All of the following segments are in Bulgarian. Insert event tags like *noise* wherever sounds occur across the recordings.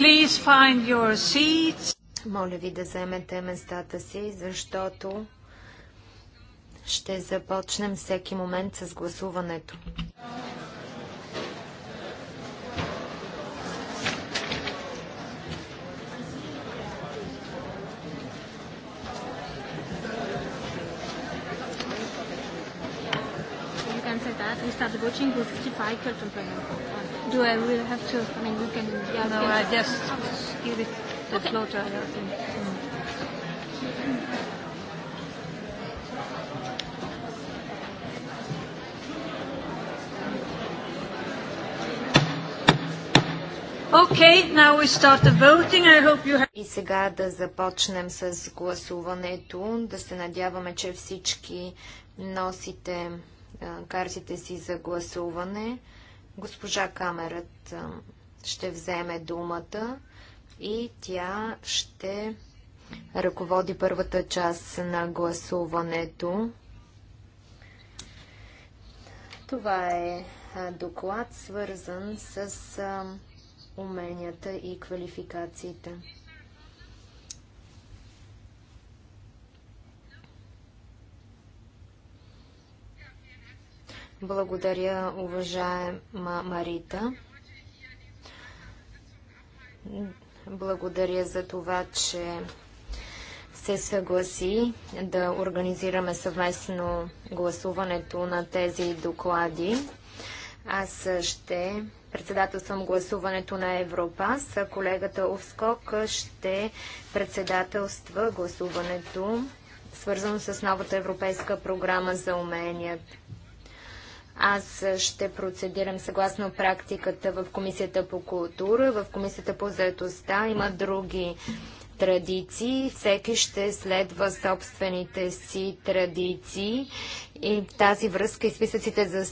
Please find your seats. Моля ви да вземете местата си, защото ще започнем всеки момент с гласуването. voting was difficult to bring Do I really have to, I mean, you can... Yeah, no, I just give it the okay. floor to her. Okay, now we start the voting. I hope you have... И сега да започнем с гласуването. Да се надяваме, че всички носите картите си за гласуване. Госпожа Камерът ще вземе думата и тя ще ръководи първата част на гласуването. Това е доклад, свързан с уменията и квалификациите. Благодаря, уважаема Марита. Благодаря за това, че се съгласи да организираме съвместно гласуването на тези доклади. Аз ще председателствам гласуването на Европас. Колегата Овскок ще председателства гласуването, свързано с новата европейска програма за умения. Аз ще процедирам съгласно практиката в Комисията по култура, в Комисията по заедостта. Има други традиции. Всеки ще следва собствените си традиции. И в тази връзка и списъците за,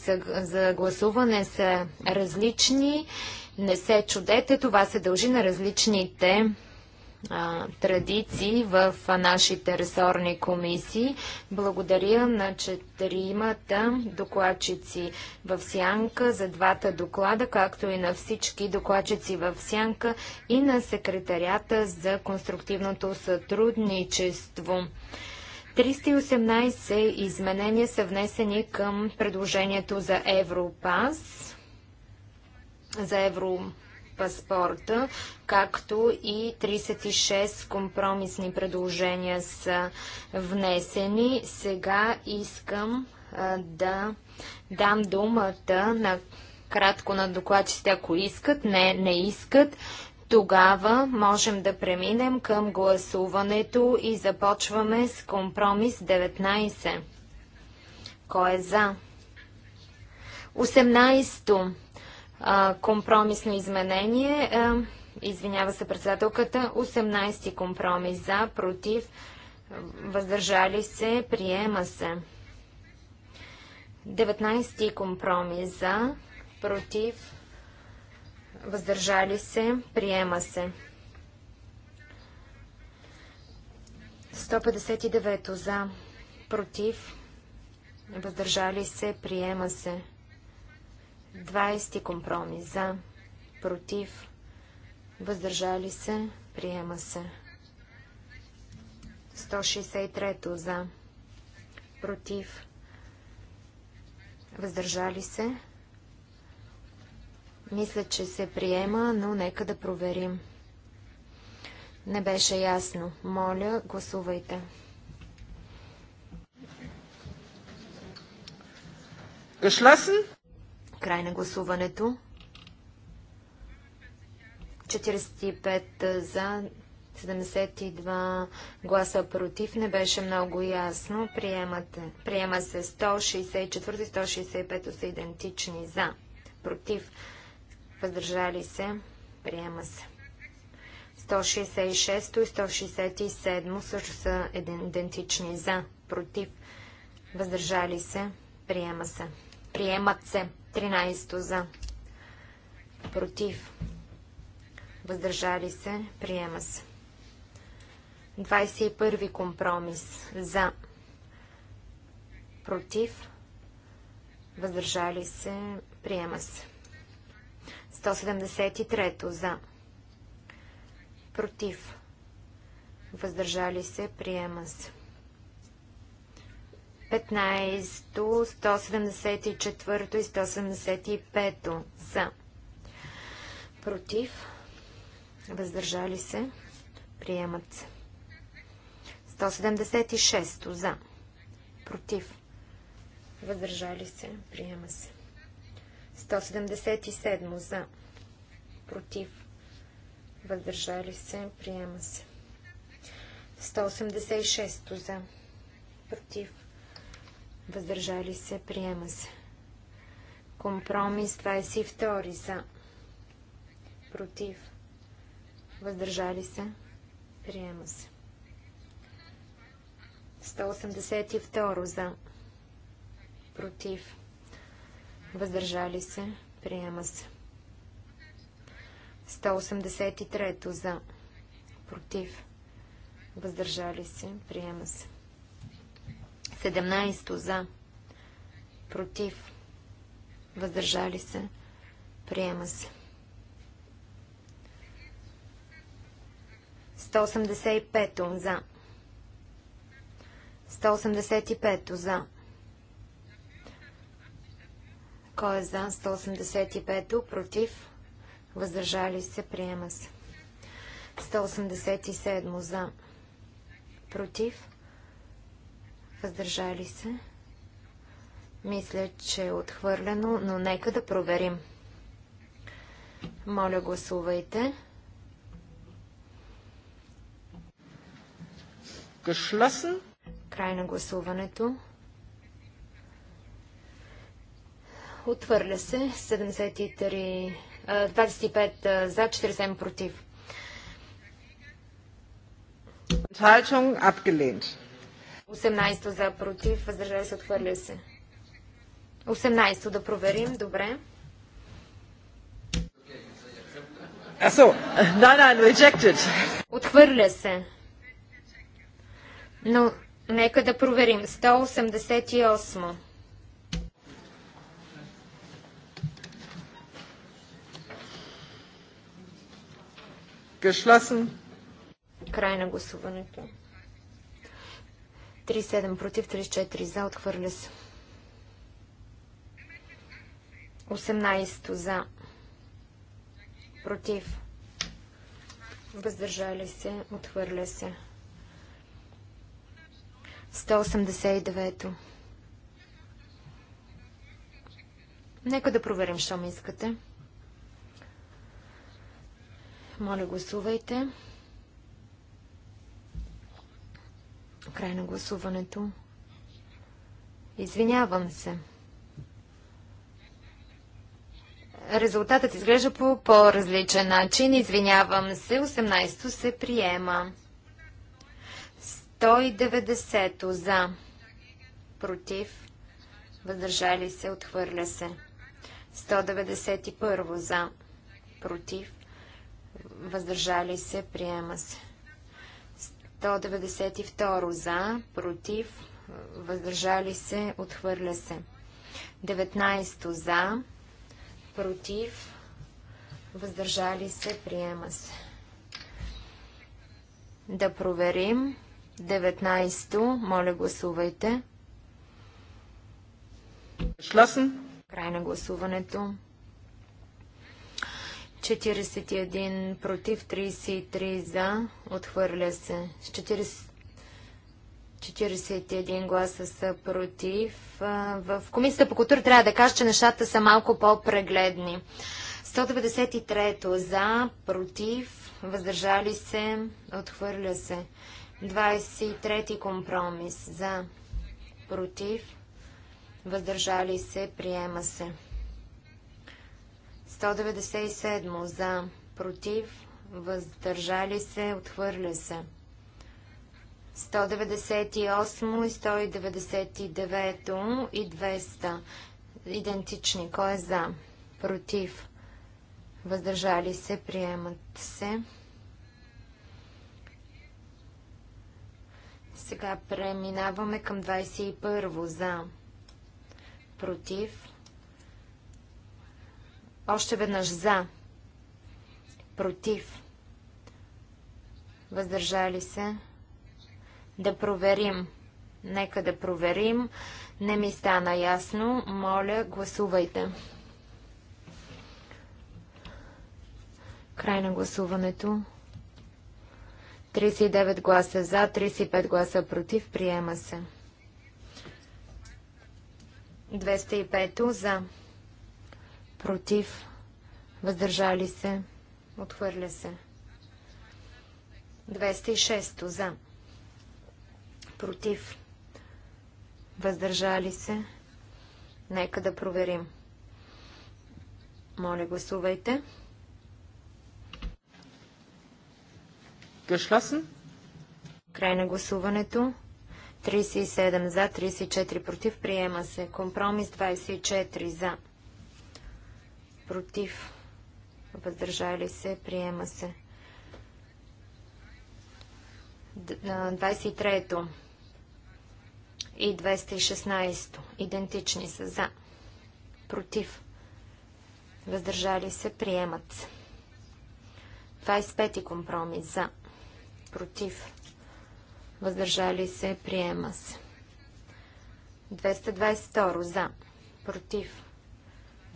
за гласуване са различни. Не се чудете, това се дължи на различните а, традиции в нашите ресорни комисии. Благодаря на четиримата докладчици в Сянка за двата доклада, както и на всички докладчици в Сянка и на секретарята за конструктивното сътрудничество. 318 изменения са внесени към предложението за Европас, за Европас паспорта, както и 36 компромисни предложения са внесени. Сега искам да дам думата на кратко на докладчите, ако искат, не, не искат. Тогава можем да преминем към гласуването и започваме с компромис 19. Кой е за? 18 а, компромисно изменение. А, извинява се председателката. 18 компромис за, против, въздържали се, приема се. 19 компромис за, против, въздържали се, приема се. 159 за, против, въздържали се, приема се. 20 компромис за, против, въздържали се, приема се. 163 за, против, въздържали се. Мисля, че се приема, но нека да проверим. Не беше ясно. Моля, гласувайте. Geschlossen? Край на гласуването. 45 за, 72 гласа против. Не беше много ясно. Приемате. Приема се 164 и 165 са идентични за. Против. Въздържали се. Приема се. 166 и 167 също са идентични за. Против. Въздържали се. Приема се. Приемат се. 13 за. Против. Въздържали се. Приема се. 21 компромис. За. Против. Въздържали се. Приема се. 173 за. Против. Въздържали се. Приема се. 15, 174 и 175 за. Против. Въздържали се. Приемат се. 176 за. Против. Въздържали се. Приема се. 177 за. Против. Въздържали се. Приема се. 186 за. Против въздържали се, приема се. Компромис 22 за, против, въздържали се, приема се. 182 за, против, въздържали се, приема се. 183 за, против, въздържали се, приема се. 17 за, против, въздържали се, приема се. 185 за. 185 за. Кой е за 185 против, въздържали се, приема се. 187 за, против, Въздържали се. Мисля, че е отхвърлено, но нека да проверим. Моля, гласувайте. Geschlossen. Край на гласуването. Отвърля се 73, 25 за, 47 против. Enthaltung abgelehnt. 18 за против, въздържали се, отхвърля се. 18 да проверим, добре. Асо, no, no, rejected. Отхвърля се. Но нека да проверим. 188. Geschlossen. Край на гласуването. 37 против, 34 за, отхвърля се. 18 за, против, въздържали се, отхвърля се. 189 Нека да проверим, що ми искате. Моля, гласувайте. Гласувайте. Край на гласуването. Извинявам се. Резултатът изглежда по по-различен начин. Извинявам се. 18-то се приема. 190-то за. Против. Въздържали се. Отхвърля се. 191 за. Против. Въздържали се. Приема се. 192 за, против, въздържали се, отхвърля се. 19 за, против, въздържали се, приема се. Да проверим. 19 моля гласувайте. Край на гласуването. 41 против, 33 за, отхвърля се. 40, 41 гласа са против. В Комисията по култура трябва да кажа, че нещата са малко по-прегледни. 193 за, против, въздържали се, отхвърля се. 23 компромис за, против, въздържали се, приема се. 197 за, против, въздържали се, отхвърля се. 198 и 199 и 200 идентични. Кой е за? Против. Въздържали се, приемат се. Сега преминаваме към 21 за. Против още веднъж за. Против. Въздържали се. Да проверим. Нека да проверим. Не ми стана ясно. Моля, гласувайте. Край на гласуването. 39 гласа за, 35 гласа против. Приема се. 205 за против, въздържали се, отхвърля се. 206 за, против, въздържали се. Нека да проверим. Моля, гласувайте. Гъшласен? Край на гласуването. 37 за, 34 против. Приема се. Компромис 24 за против, въздържали се, приема се. 23-то и 216-то, идентични са за, против, въздържали се, приемат се. 25-ти компромис за, против, въздържали се, приема се. 222 за, против,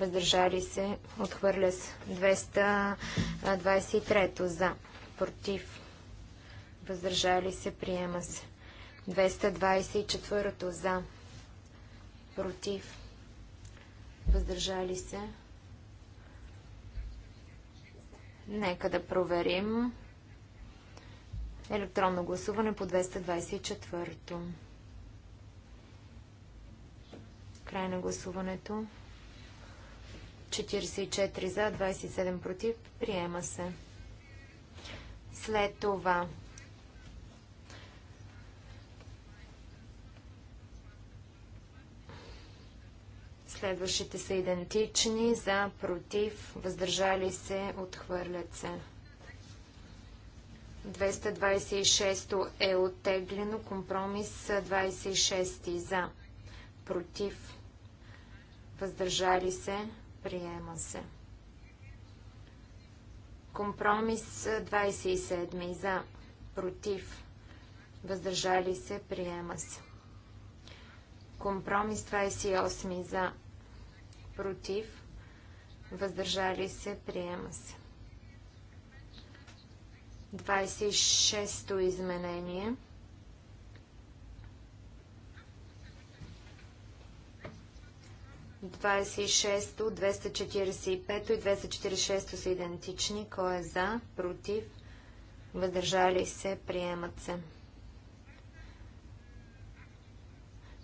въздържали се, отхвърля се. 223 за, против, въздържали се, приема се. 224 за, против, въздържали се. Нека да проверим. Електронно гласуване по 224. Край на гласуването. 44 за, 27 против. Приема се. След това. Следващите са идентични. За, против, въздържали се, отхвърлят се. 226 е оттеглено. Компромис 26 за, против, въздържали се, Приема се. Компромис 27 за. Против. Въздържали се. Приема се. Компромис 28 за. Против. Въздържали се. Приема се. 26-то изменение. 26, 245 и 246 са идентични. Кой е за? Против? Въздържали се? Приемат се.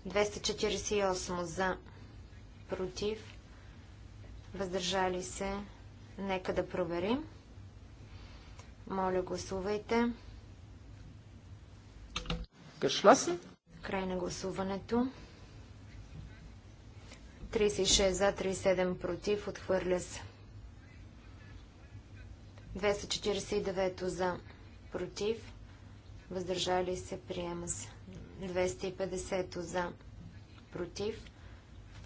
248 за. Против? Въздържали се? Нека да проверим. Моля, гласувайте. Край на гласуването. 36 за, 37 против, отхвърля се. 249 за, против, въздържали се, приема се. 250 за, против,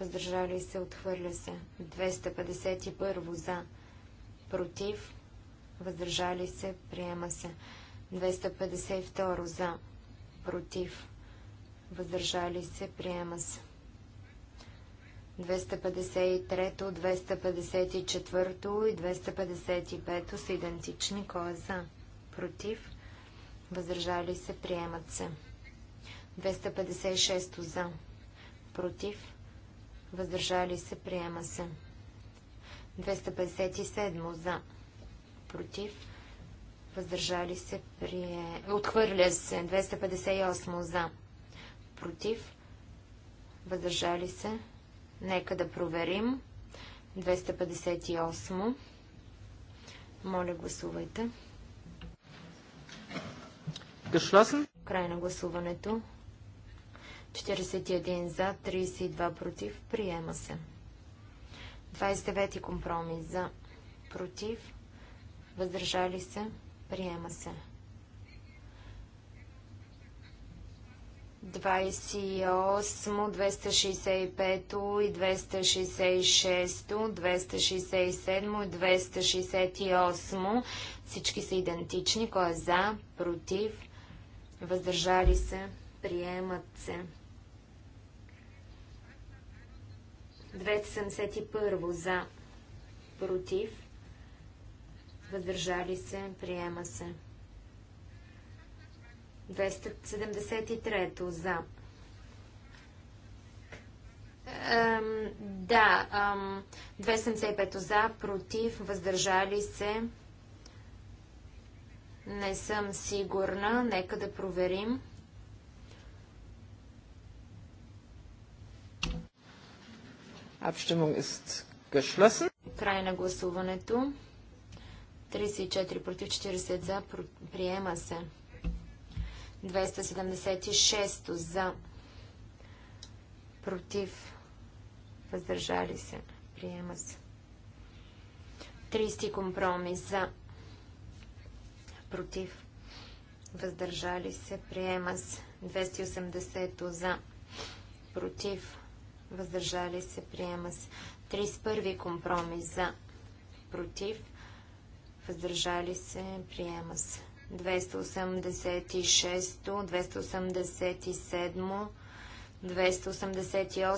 въздържали се, отхвърля се. 251 за, против, въздържали се, приема се. 252 за, против, въздържали се, приема се. 253, 254 и 255 са идентични. Кой е за? Против? Въздържали се? Приемат се. 256 за. Против? Въздържали се? Приема се. 257 за. Против? Въздържали се? Прие... Отхвърля се. 258 за. Против? Въздържали се? Нека да проверим. 258. Моля, гласувайте. Geschlossen. Край на гласуването. 41 за, 32 против. Приема се. 29 компромис за, против. Въздържали се. Приема се. 28, 265 и 266, 267 и 268. Всички са идентични. Кой е за, против, въздържали се, приемат се. 271 за, против, въздържали се, приема се. 273 за. Ем, да, ем, 275 за, против, въздържали се. Не съм сигурна. Нека да проверим. Abstimmung ist geschlossen. Край на гласуването. 34 против 40 за. Приема се. 276 за, против, въздържали се, приема се. 30 компромис за, против, въздържали се, приема се. 280 за, против, въздържали се, приема се. 31 компромис за, против, въздържали се, приема се. 286, 287, 288,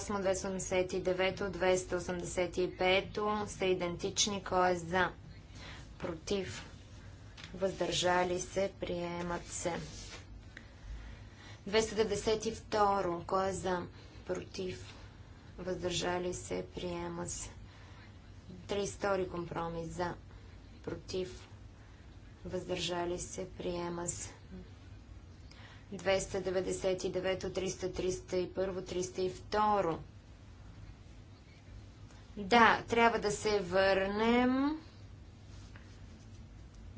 289, 285 са идентични, кой е за, против, въздържали се, приемат се. 292, кой е за, против, въздържали се, приема се. 32 компромис за, против, въздържали се, приема се. 299, 300, 301, 302. Да, трябва да се върнем.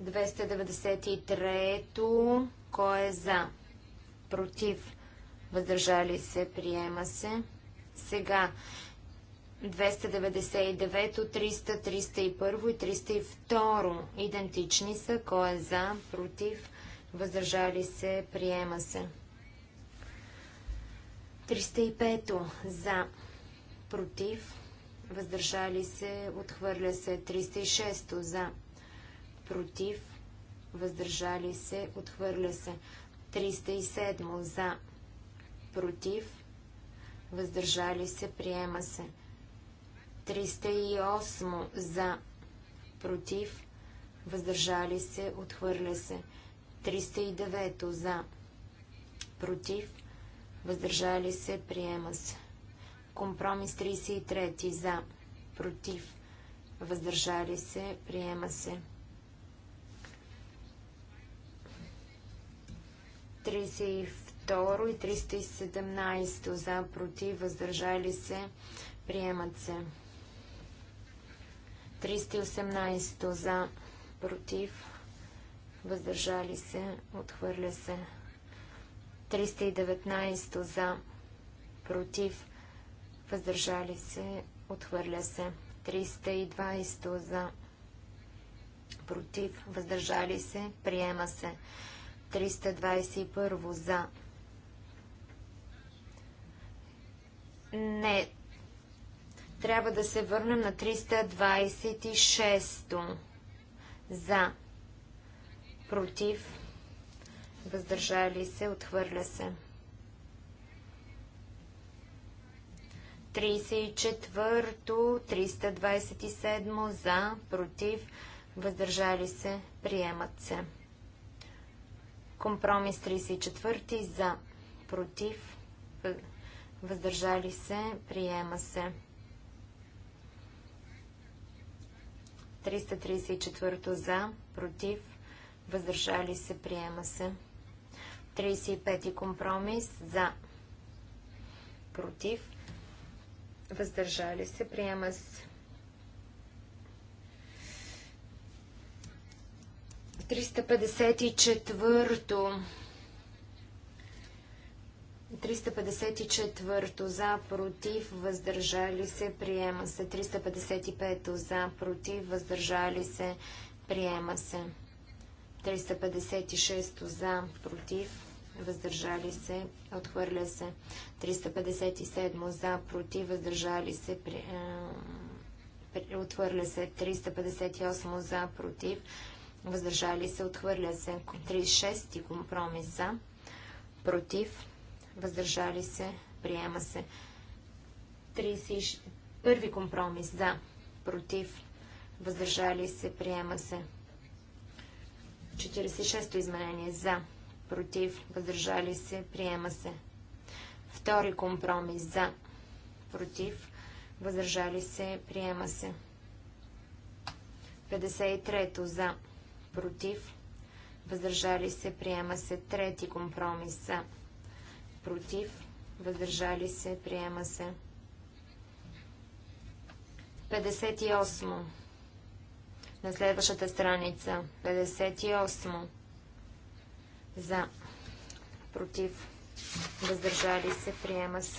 293-то. Кой е за? Против. Въздържали се, приема се. Сега 299, 300, 301 и 302 идентични са. Кой е за, против, въздържали се, приема се. 305 за, против, въздържали се, отхвърля се. 306 за, против, въздържали се, отхвърля се. 307 за, против, въздържали се, приема се. 308 за, против, въздържали се, отхвърля се. 309 за, против, въздържали се, приема се. Компромис 33 за, против, въздържали се, приема се. 32 и 317 за, против, въздържали се, приемат се. 318 за, против, въздържали се, отхвърля се. 319 за, против, въздържали се, отхвърля се. 320 за, против, въздържали се, приема се. 321 за. Не, трябва да се върнем на 326 За. Против. Въздържали се. Отхвърля се. 34-то, 327 за, против, въздържали се, приемат се. Компромис 34 за, против, въздържали се, приема се. 334 за, против, въздържали се, приема се. 35 компромис за, против, въздържали се, приема се. 354 354 за, против, въздържали се, приема се. 355 за, против, въздържали се, приема се. 356 за, против, въздържали се, отхвърля се. 357 за, против, въздържали се, при, е, отхвърля се. 358 за, против, въздържали се, отхвърля се. 36 компромис за, против, въздържали се, приема се. Първи компромис за, против, въздържали се, приема се. 46-то изменение за, против, въздържали се, приема се. Втори компромис за, против, въздържали се, приема се. 53-то за, против, въздържали се, приема се. Трети компромис за, против, въздържали се, приема се. 58. На следващата страница. 58. За. Против. Въздържали се. Приема се.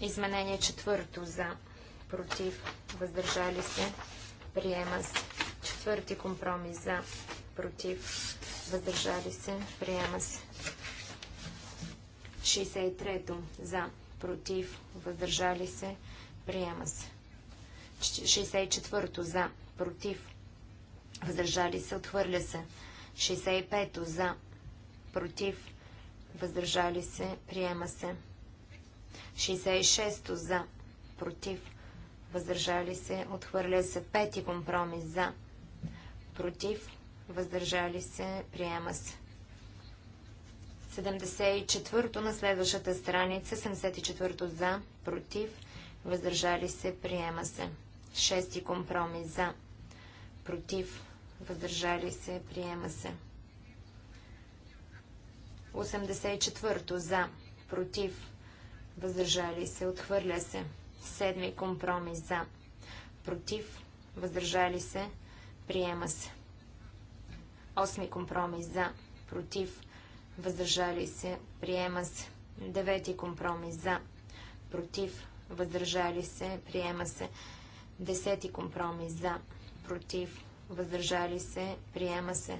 Изменение четвърто. За. Против. Въздържали се. Приема се. Четвърти компромис. За. Против. Въздържали се. Приема се. 63-то за, против, въздържали се, приема се. 64-то за, против, въздържали се, отхвърля се. 65-то за, против, въздържали се, приема се. 66-то за, против, въздържали се, отхвърля се. Пети компромис за, против, въздържали се, приема се. 74-то на следващата страница, 74-то за, против, въздържали се, приема се. Шести компромис за, против, въздържали се, приема се. 84-то за, против, въздържали се, отхвърля се. Седми компромис за, против, въздържали се, приема се. Осми компромис за, против, въздържали се въздържали се, приема се. Девети компромис за, против, въздържали се, приема се. Десети компромис за, против, въздържали се, приема се.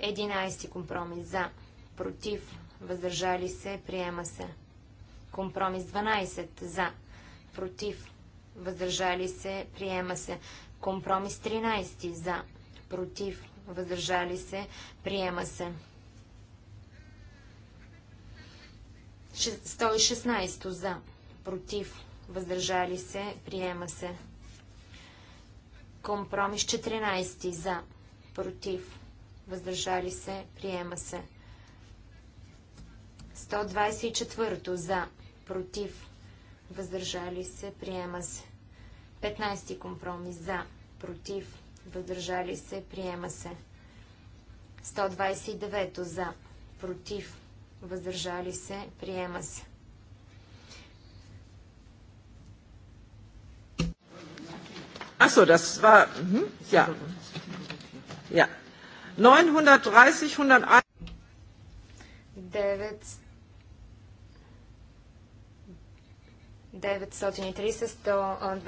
Единайсти компромис за, против, въздържали се, приема се. Компромис 12 за, против, въздържали се, приема се. Компромис 13 за, против, въздържали се, приема се. 116 за, против, въздържали се, приема се. Компромис 14 за, против, въздържали се, приема се. 124 за, против, въздържали се, приема се. 15 компромис за, против, въздържали се, приема се. 129 за, против, въздържали се, приема се. Achso, das war, hm, ja. Ja. 930, 101.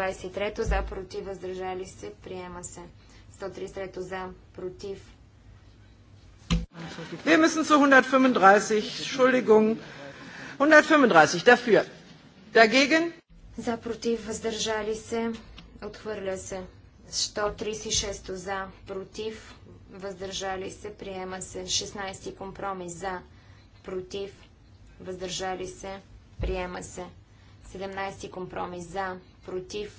930-123 за, против, въздържали се, приема се. 133 за, против, Wir müssen zu 135, Entschuldigung, 135 dafür. Dagegen? За против, въздържали се, отхвърля се. 136 за, против, въздържали се, приема се. 16 компромис за, против, въздържали се, приема се. 17 компромис за, против,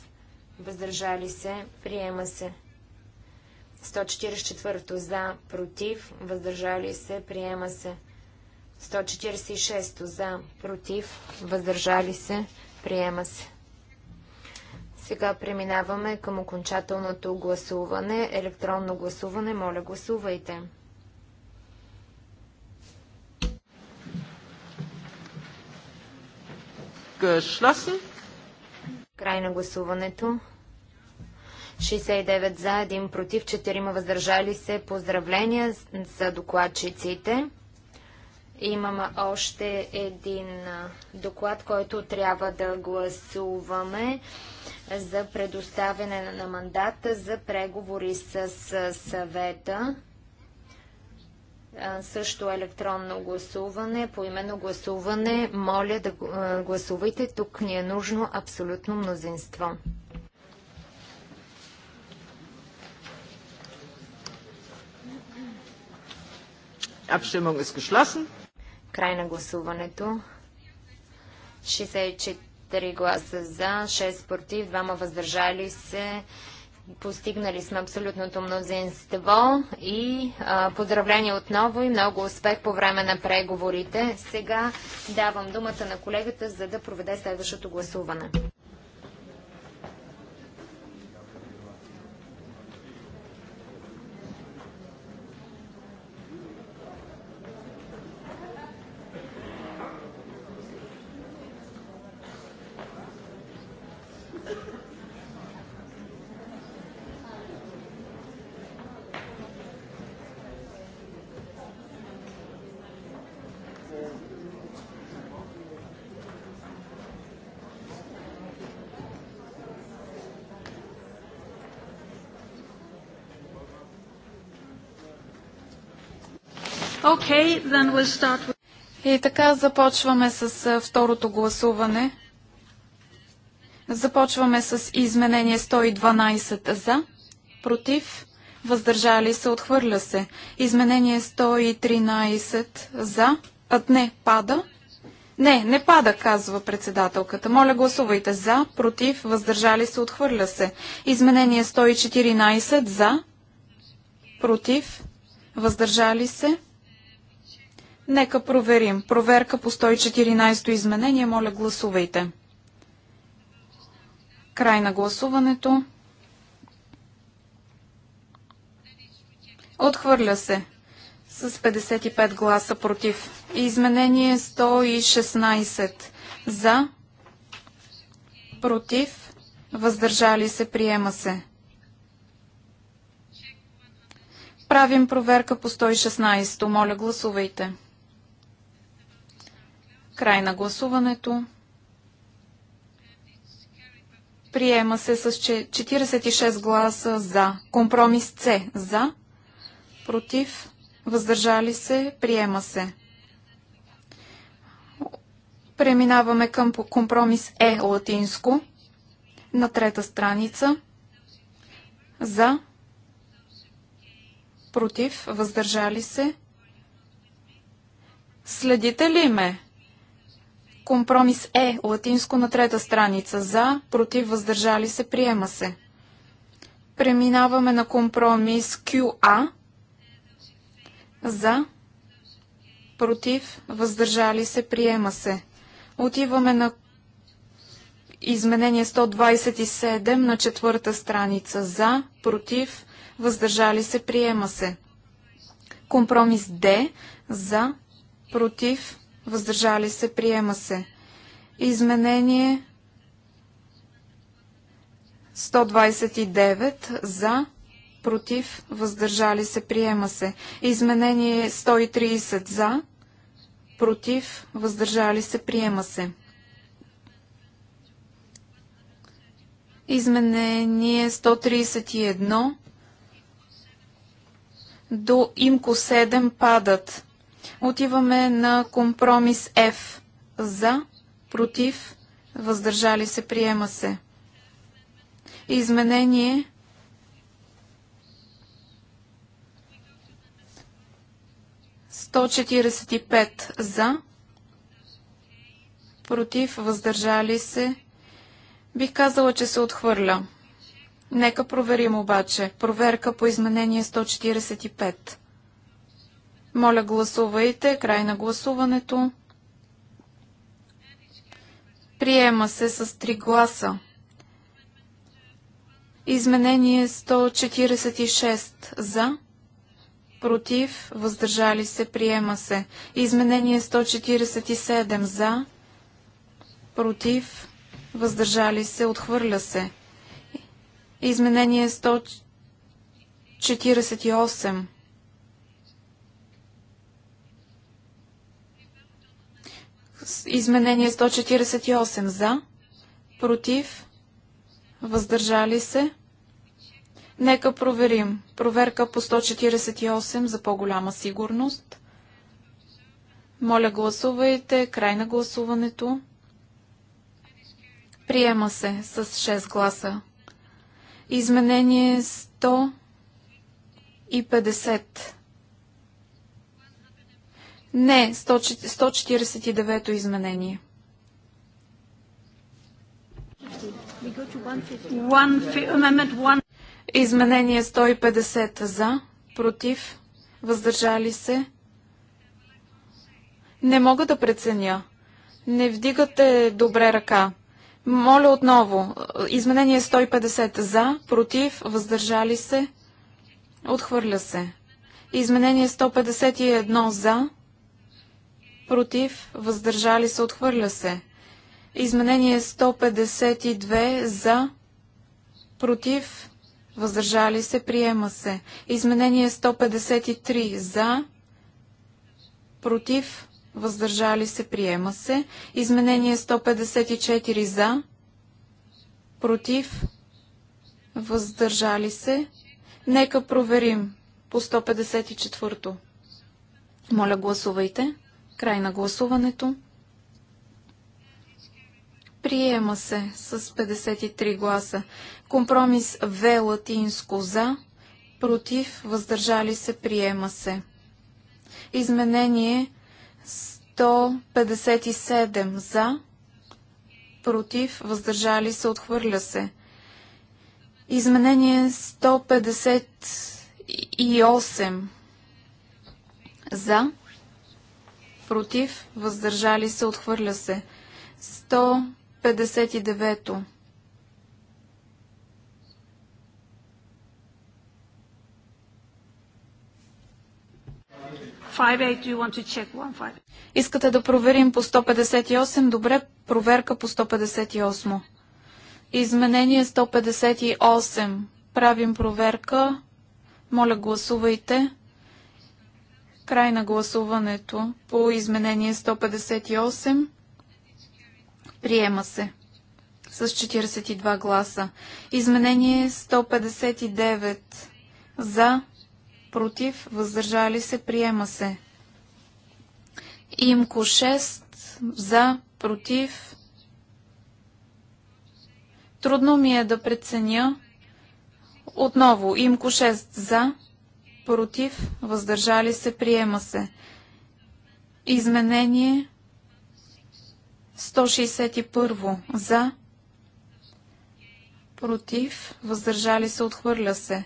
въздържали се, приема се. 144 за, против, въздържали се, приема се. 146 за, против, въздържали се, приема се. Сега преминаваме към окончателното гласуване. Електронно гласуване, моля гласувайте. Край на гласуването. 69 за, 1 против, 4 въздържали се. Поздравления за докладчиците. Имаме още един доклад, който трябва да гласуваме за предоставяне на мандата за преговори с съвета. Също електронно гласуване, по именно гласуване. Моля да гласувайте. Тук ни е нужно абсолютно мнозинство. Abstimmung ist geschlossen. Край на гласуването. 64 гласа за, 6 против, 2 въздържали се. Постигнали сме абсолютното мнозинство и а, поздравление отново и много успех по време на преговорите. Сега давам думата на колегата, за да проведе следващото гласуване. Okay, then we'll start with... И така започваме с второто гласуване. Започваме с изменение 112 за, против, въздържали се, отхвърля се. Изменение 113 за, а не, пада. Не, не пада, казва председателката. Моля, гласувайте за, против, въздържали се, отхвърля се. Изменение 114 за, против, въздържали се, Нека проверим. Проверка по 114 изменение. Моля, гласувайте. Край на гласуването. Отхвърля се с 55 гласа против. Изменение 116 за, против, въздържали се, приема се. Правим проверка по 116. Моля, гласувайте. Край на гласуването. Приема се с 46 гласа за. Компромис С за. Против. Въздържали се. Приема се. Преминаваме към компромис Е латинско на трета страница. За. Против. Въздържали се. Следите ли ме? Компромис Е, латинско на трета страница. За, против, въздържали се, приема се. Преминаваме на компромис QA. За, против, въздържали се, приема се. Отиваме на изменение 127 на четвърта страница. За, против, въздържали се, приема се. Компромис Д за, против, въздържали се, приема се. Изменение 129 за, против, въздържали се, приема се. Изменение 130 за, против, въздържали се, приема се. Изменение 131 до имко 7 падат. Отиваме на компромис F. За, против, въздържали се, приема се. Изменение сто и пет за, против, въздържали се. Бих казала, че се отхвърля. Нека проверим обаче. Проверка по изменение 145. Моля, гласувайте. Край на гласуването. Приема се с три гласа. Изменение 146 за, против, въздържали се, приема се. Изменение 147 за, против, въздържали се, отхвърля се. Изменение 148 Изменение 148 за, против, въздържали се. Нека проверим. Проверка по 148 за по-голяма сигурност. Моля гласувайте. Край на гласуването. Приема се с 6 гласа. Изменение 150 не, 149-то изменение. 150. Изменение 150 за, против, въздържали се. Не мога да преценя. Не вдигате добре ръка. Моля отново. Изменение 150 за, против, въздържали се. Отхвърля се. Изменение 151 за, против, въздържали се, отхвърля се. Изменение 152 за, против, въздържали се, приема се. Изменение 153 за, против, въздържали се, приема се. Изменение 154 за, против, въздържали се. Нека проверим по 154. Моля, гласувайте. Край на гласуването. Приема се с 53 гласа. Компромис В латинско за, против, въздържали се, приема се. Изменение 157 за, против, въздържали се, отхвърля се. Изменение 158 за, против, въздържали се, отхвърля се. 159-то. Искате да проверим по 158? Добре, проверка по 158. Изменение 158. Правим проверка. Моля, гласувайте. Край на гласуването по изменение 158. Приема се с 42 гласа. Изменение 159 за, против, въздържали се, приема се. Имко 6 за, против. Трудно ми е да преценя. Отново, имко 6 за, против, въздържали се, приема се. Изменение 161 за, против, въздържали се, отхвърля се.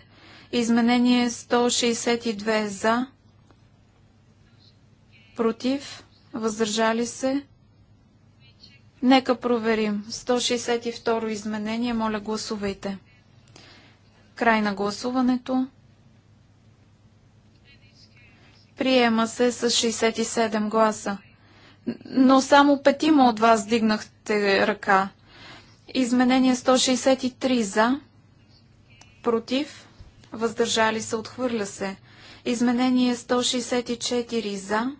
Изменение 162 за, против, въздържали се. Нека проверим. 162 изменение, моля гласувайте. Край на гласуването. Приема се с 67 гласа. Но само петима от вас дигнахте ръка. Изменение 163 за. Против. Въздържали се. Отхвърля се. Изменение 164 за.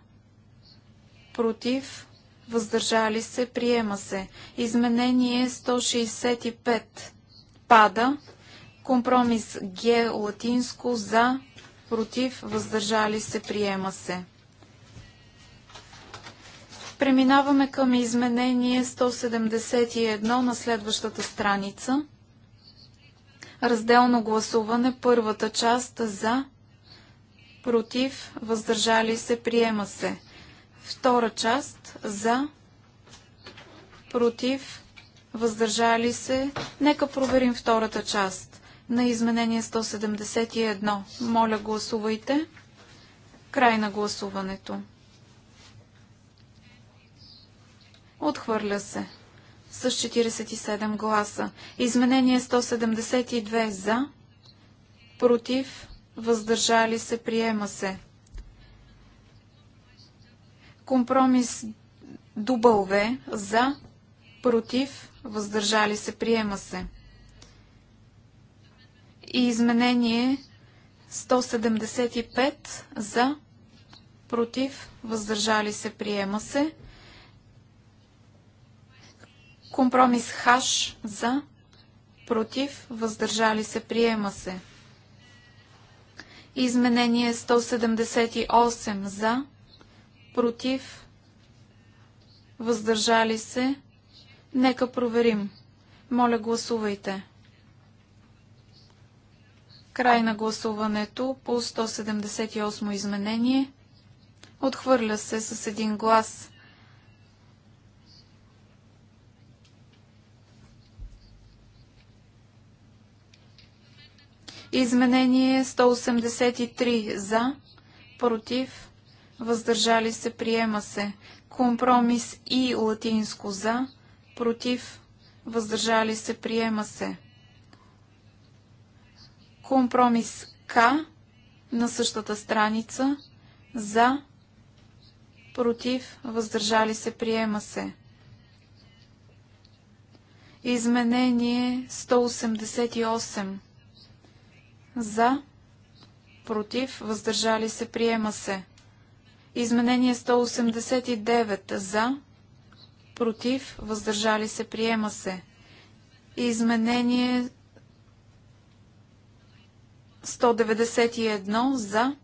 Против. Въздържали се. Приема се. Изменение 165. Пада. Компромис Г латинско за против, въздържали се, приема се. Преминаваме към изменение 171 на следващата страница. Разделно гласуване, първата част за, против, въздържали се, приема се. Втора част за, против, въздържали се. Нека проверим втората част на изменение 171. Моля, гласувайте. Край на гласуването. Отхвърля се. С 47 гласа. Изменение 172 за. Против. Въздържали се. Приема се. Компромис дубъл В за. Против. Въздържали се. Приема се и изменение 175 за, против, въздържали се, приема се. Компромис хаш за, против, въздържали се, приема се. Изменение 178 за, против, въздържали се. Нека проверим. Моля, гласувайте. Край на гласуването по 178 изменение. Отхвърля се с един глас. Изменение 183 за, против, въздържали се, приема се. Компромис и латинско за, против, въздържали се, приема се. Компромис К на същата страница за, против, въздържали се, приема се. Изменение 188 за, против, въздържали се, приема се. Изменение 189 за, против, въздържали се, приема се. Изменение 191 за,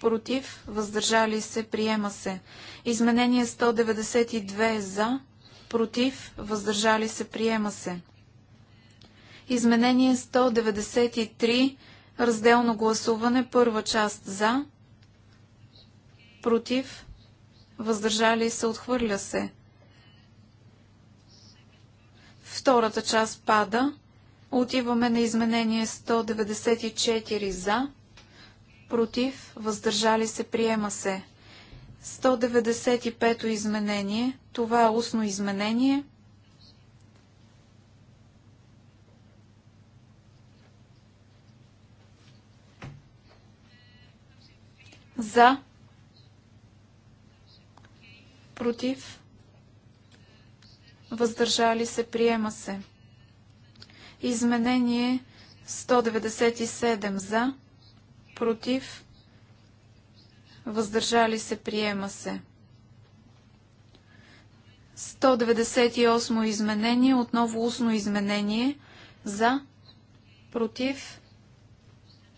против, въздържали се, приема се. Изменение 192 за, против, въздържали се, приема се. Изменение 193, разделно гласуване, първа част за, против, въздържали се, отхвърля се. Втората част пада. Отиваме на изменение 194 за, против, въздържали се, приема се. 195-то изменение, това е устно изменение. За, против, въздържали се, приема се. Изменение 197 за, против, въздържали се, приема се. 198 изменение, отново устно изменение, за, против,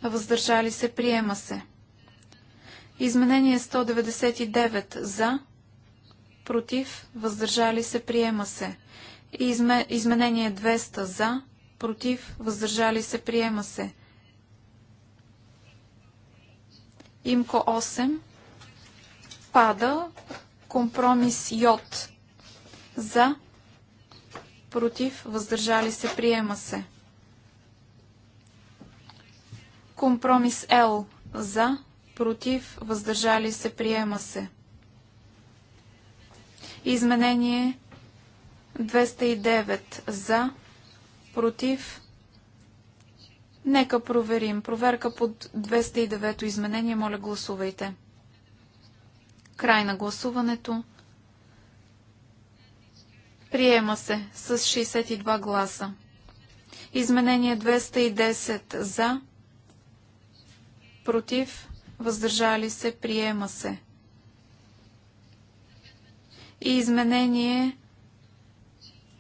въздържали се, приема се. Изменение 199 за, против, въздържали се, приема се. Изме... Изменение 200 за, против, въздържали се, приема се. Имко 8 пада компромис йод за, против, въздържали се, приема се. Компромис Л за, против, въздържали се, приема се. Изменение 209 за, против. Нека проверим. Проверка под 209-то изменение. Моля, гласувайте. Край на гласуването. Приема се с 62 гласа. Изменение 210 за, против, въздържали се, приема се. И изменение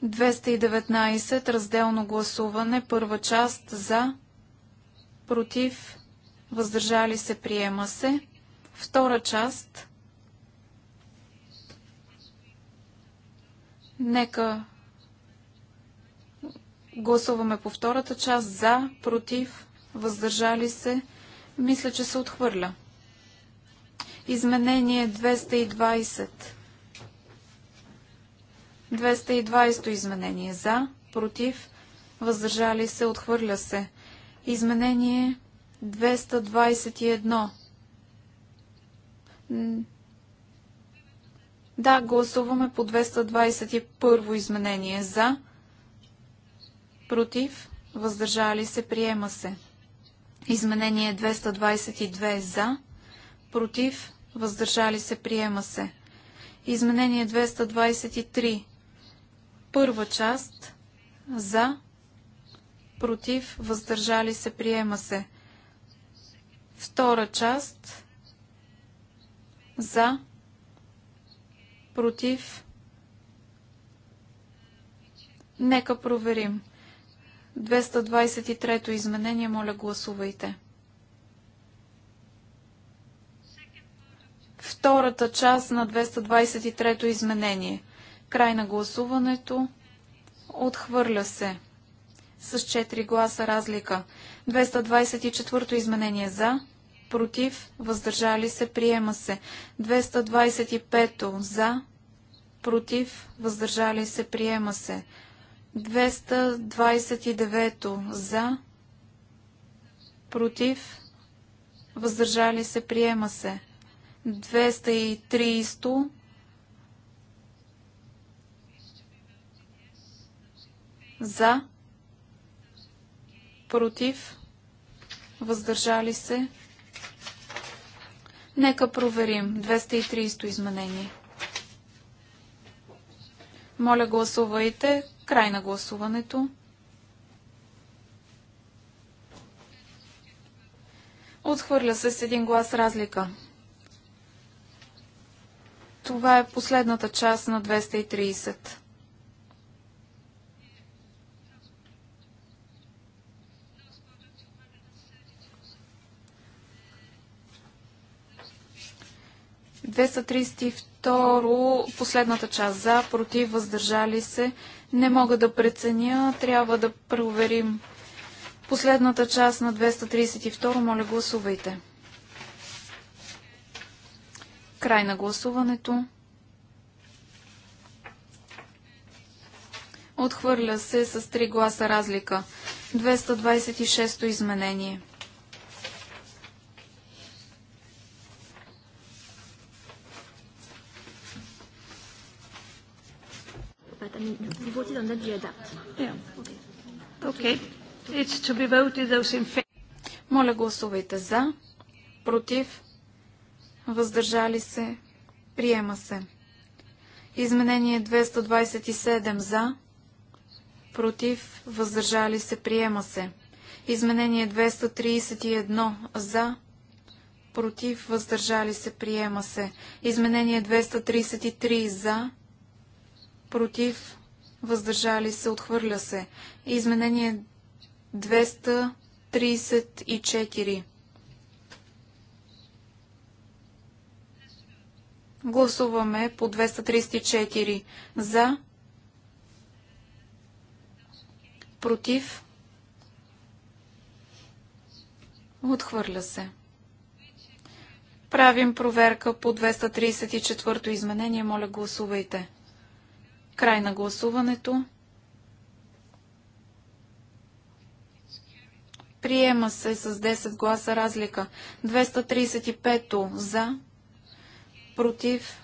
219. Разделно гласуване. Първа част за. Против. Въздържали се. Приема се. Втора част. Нека гласуваме по втората част. За. Против. Въздържали се. Мисля, че се отхвърля. Изменение 220. 220 изменение за, против, въздържали се, отхвърля се. Изменение 221. Да, гласуваме по 221 изменение за, против, въздържали се, приема се. Изменение 222 за, против, въздържали се, приема се. Изменение 223 Първа част за, против, въздържали се, приема се. Втора част за, против. Нека проверим. 223-то изменение, моля гласувайте. Втората част на 223-то изменение. Край на гласуването. Отхвърля се. С 4 гласа разлика. 224 то изменение за. Против. Въздържали се. Приема се. 225 за. Против. Въздържали се. Приема се. 229 за. Против. Въздържали се. Приема се. 230 за, против, въздържали се. Нека проверим 230 изменение. Моля гласувайте. Край на гласуването. Отхвърля се с един глас разлика. Това е последната част на 230. 232, последната част за, против, въздържали се. Не мога да преценя, трябва да проверим. Последната част на 232, моля гласувайте. Край на гласуването. Отхвърля се с 3 гласа разлика. 226 изменение. we voted on that adapt. Yeah. Okay. okay. It's to be voted those in favor. Моля гласувайте за, против, въздържали се, приема се. Изменение 227 за, против, въздържали се, приема се. Изменение 231 за, против, въздържали се, приема се. Изменение 233 за, против, въздържали се, отхвърля се. Изменение 234. Гласуваме по 234 за, против, отхвърля се. Правим проверка по 234 изменение. Моля, гласувайте. Край на гласуването. Приема се с 10 гласа разлика. 235 за, против,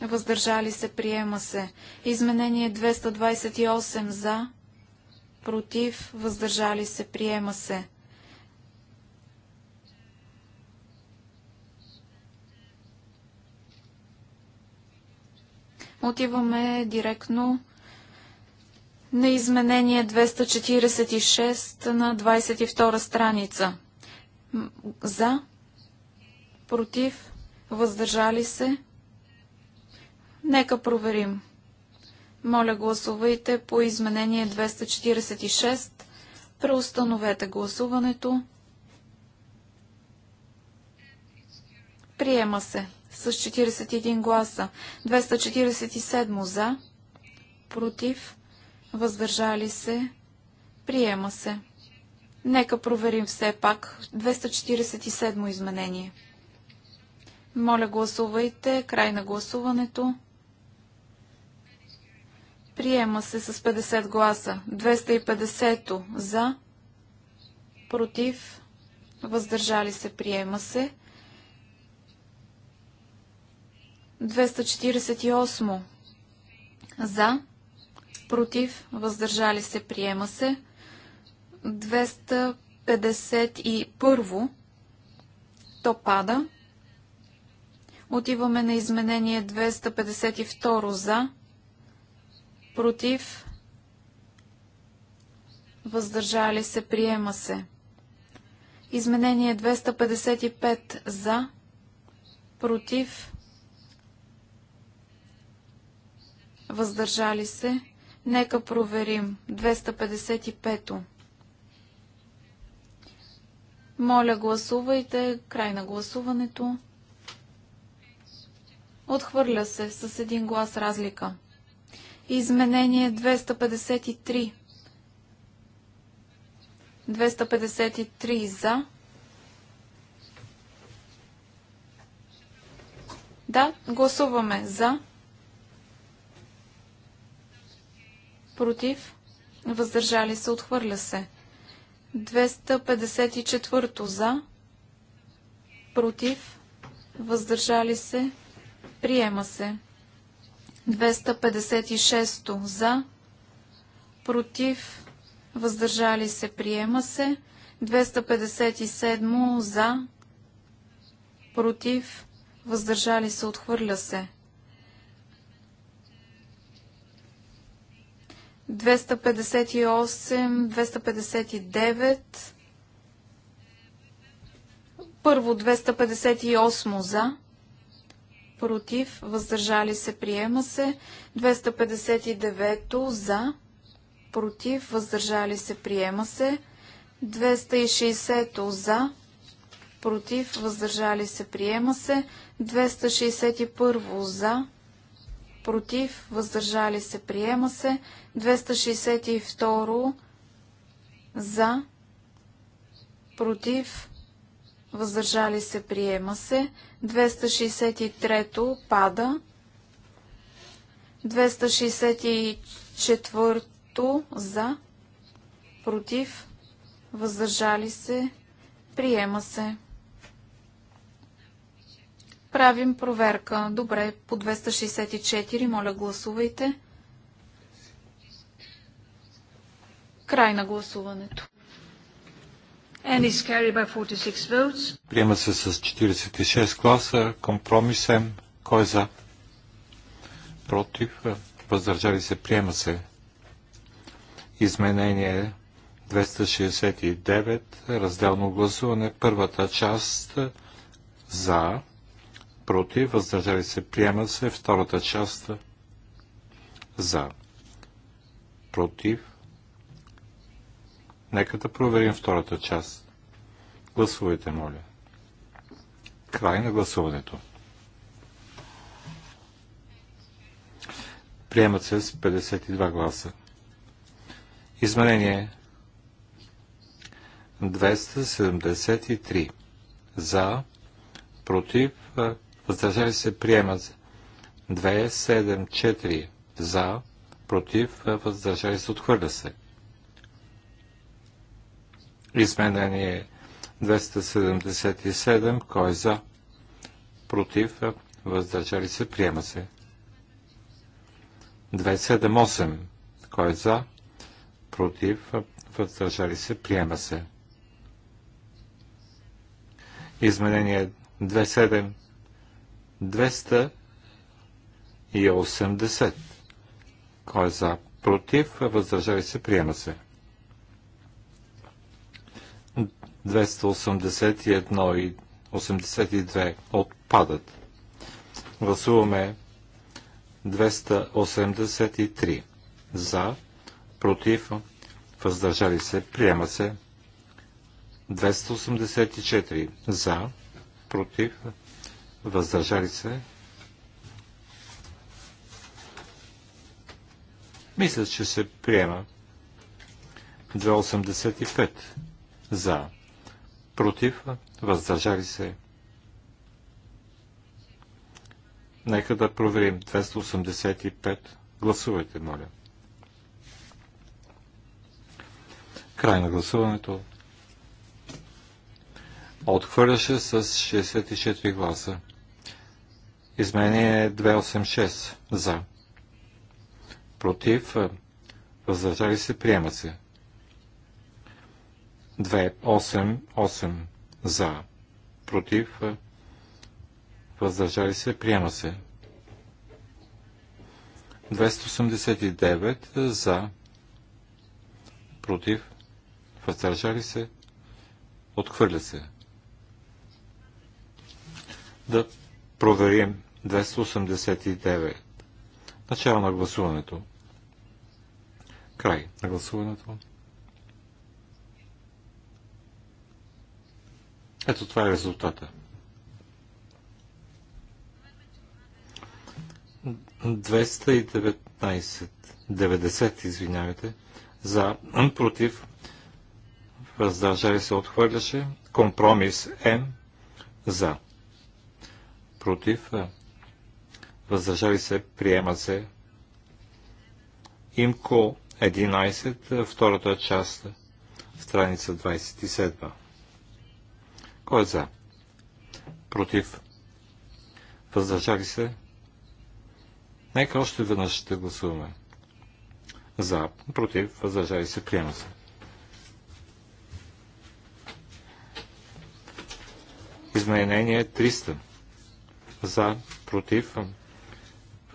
въздържали се, приема се. Изменение 228 за, против, въздържали се, приема се. отиваме директно на изменение 246 на 22 страница. За, против, въздържали се. Нека проверим. Моля гласувайте по изменение 246. Преустановете гласуването. Приема се с 41 гласа. 247 за, против, въздържали се, приема се. Нека проверим все пак 247 изменение. Моля гласувайте. Край на гласуването. Приема се с 50 гласа. 250 за, против, въздържали се, приема се. 248 за, против, въздържали се, приема се. 251 то пада. Отиваме на изменение 252 за, против, въздържали се, приема се. Изменение 255 за, против, въздържали се. Нека проверим. 255-то. Моля, гласувайте. Край на гласуването. Отхвърля се с един глас разлика. Изменение 253. 253 за. Да, гласуваме за. против, въздържали се, отхвърля се. 254 за, против, въздържали се, приема се. 256 за, против, въздържали се, приема се. 257 за, против, въздържали се, отхвърля се. 258, 259. Първо 258 за, против, въздържали се, приема се. 259 за, против, въздържали се, приема се. 260 за, против, въздържали се, приема се. 261 за, против, въздържали се, приема се. 262 за, против, въздържали се, приема се. 263 пада. 264 за, против, въздържали се, приема се. Правим проверка. Добре, по 264, моля гласувайте. Край на гласуването. Приема се с 46 гласа. Компромисен. Кой е за? Против. Въздържали се. Приема се. Изменение 269. Разделно гласуване. Първата част за против, въздържали се, приема се. Втората част за, против. Нека да проверим втората част. Гласувайте, моля. Край на гласуването. Приемат се с 52 гласа. Изменение 273. За, против, въздържали се, приема се. 274 за, против, въздържали се, отхвърля се. Изменение 277, кой е за, против, въздържали се, приема се. 278, кой е за, против, въздържали се, приема се. Изменение 27 280. Кой е за? Против? Въздържали се? Приема се. 281 и 82 отпадат. Гласуваме 283 за, против, въздържали се, приема се 284 за, против, въздържали се. Мисля, че се приема 285 за, против, въздържали се. Нека да проверим 285. Гласувайте, моля. Край на гласуването. Отхвърляше с 64 гласа. Изменение 286 за. Против. Въздържали се. Приема се. 288 за. Против. Въздържали се. Приема се. 289 за. Против. Въздържали се. Отхвърля се. Да проверим 289. Начало на гласуването. Край на гласуването. Ето това е резултата. 219, 90, извинявайте, за, против, въздържали се, отхвърляше, компромис М, за, против, въздържали се, приема се. Имко 11, втората част, страница 27. Кой е за? Против. Въздържали се? Нека още веднъж ще гласуваме. За, против, въздържали се, приема се. Изменение 300. За, против,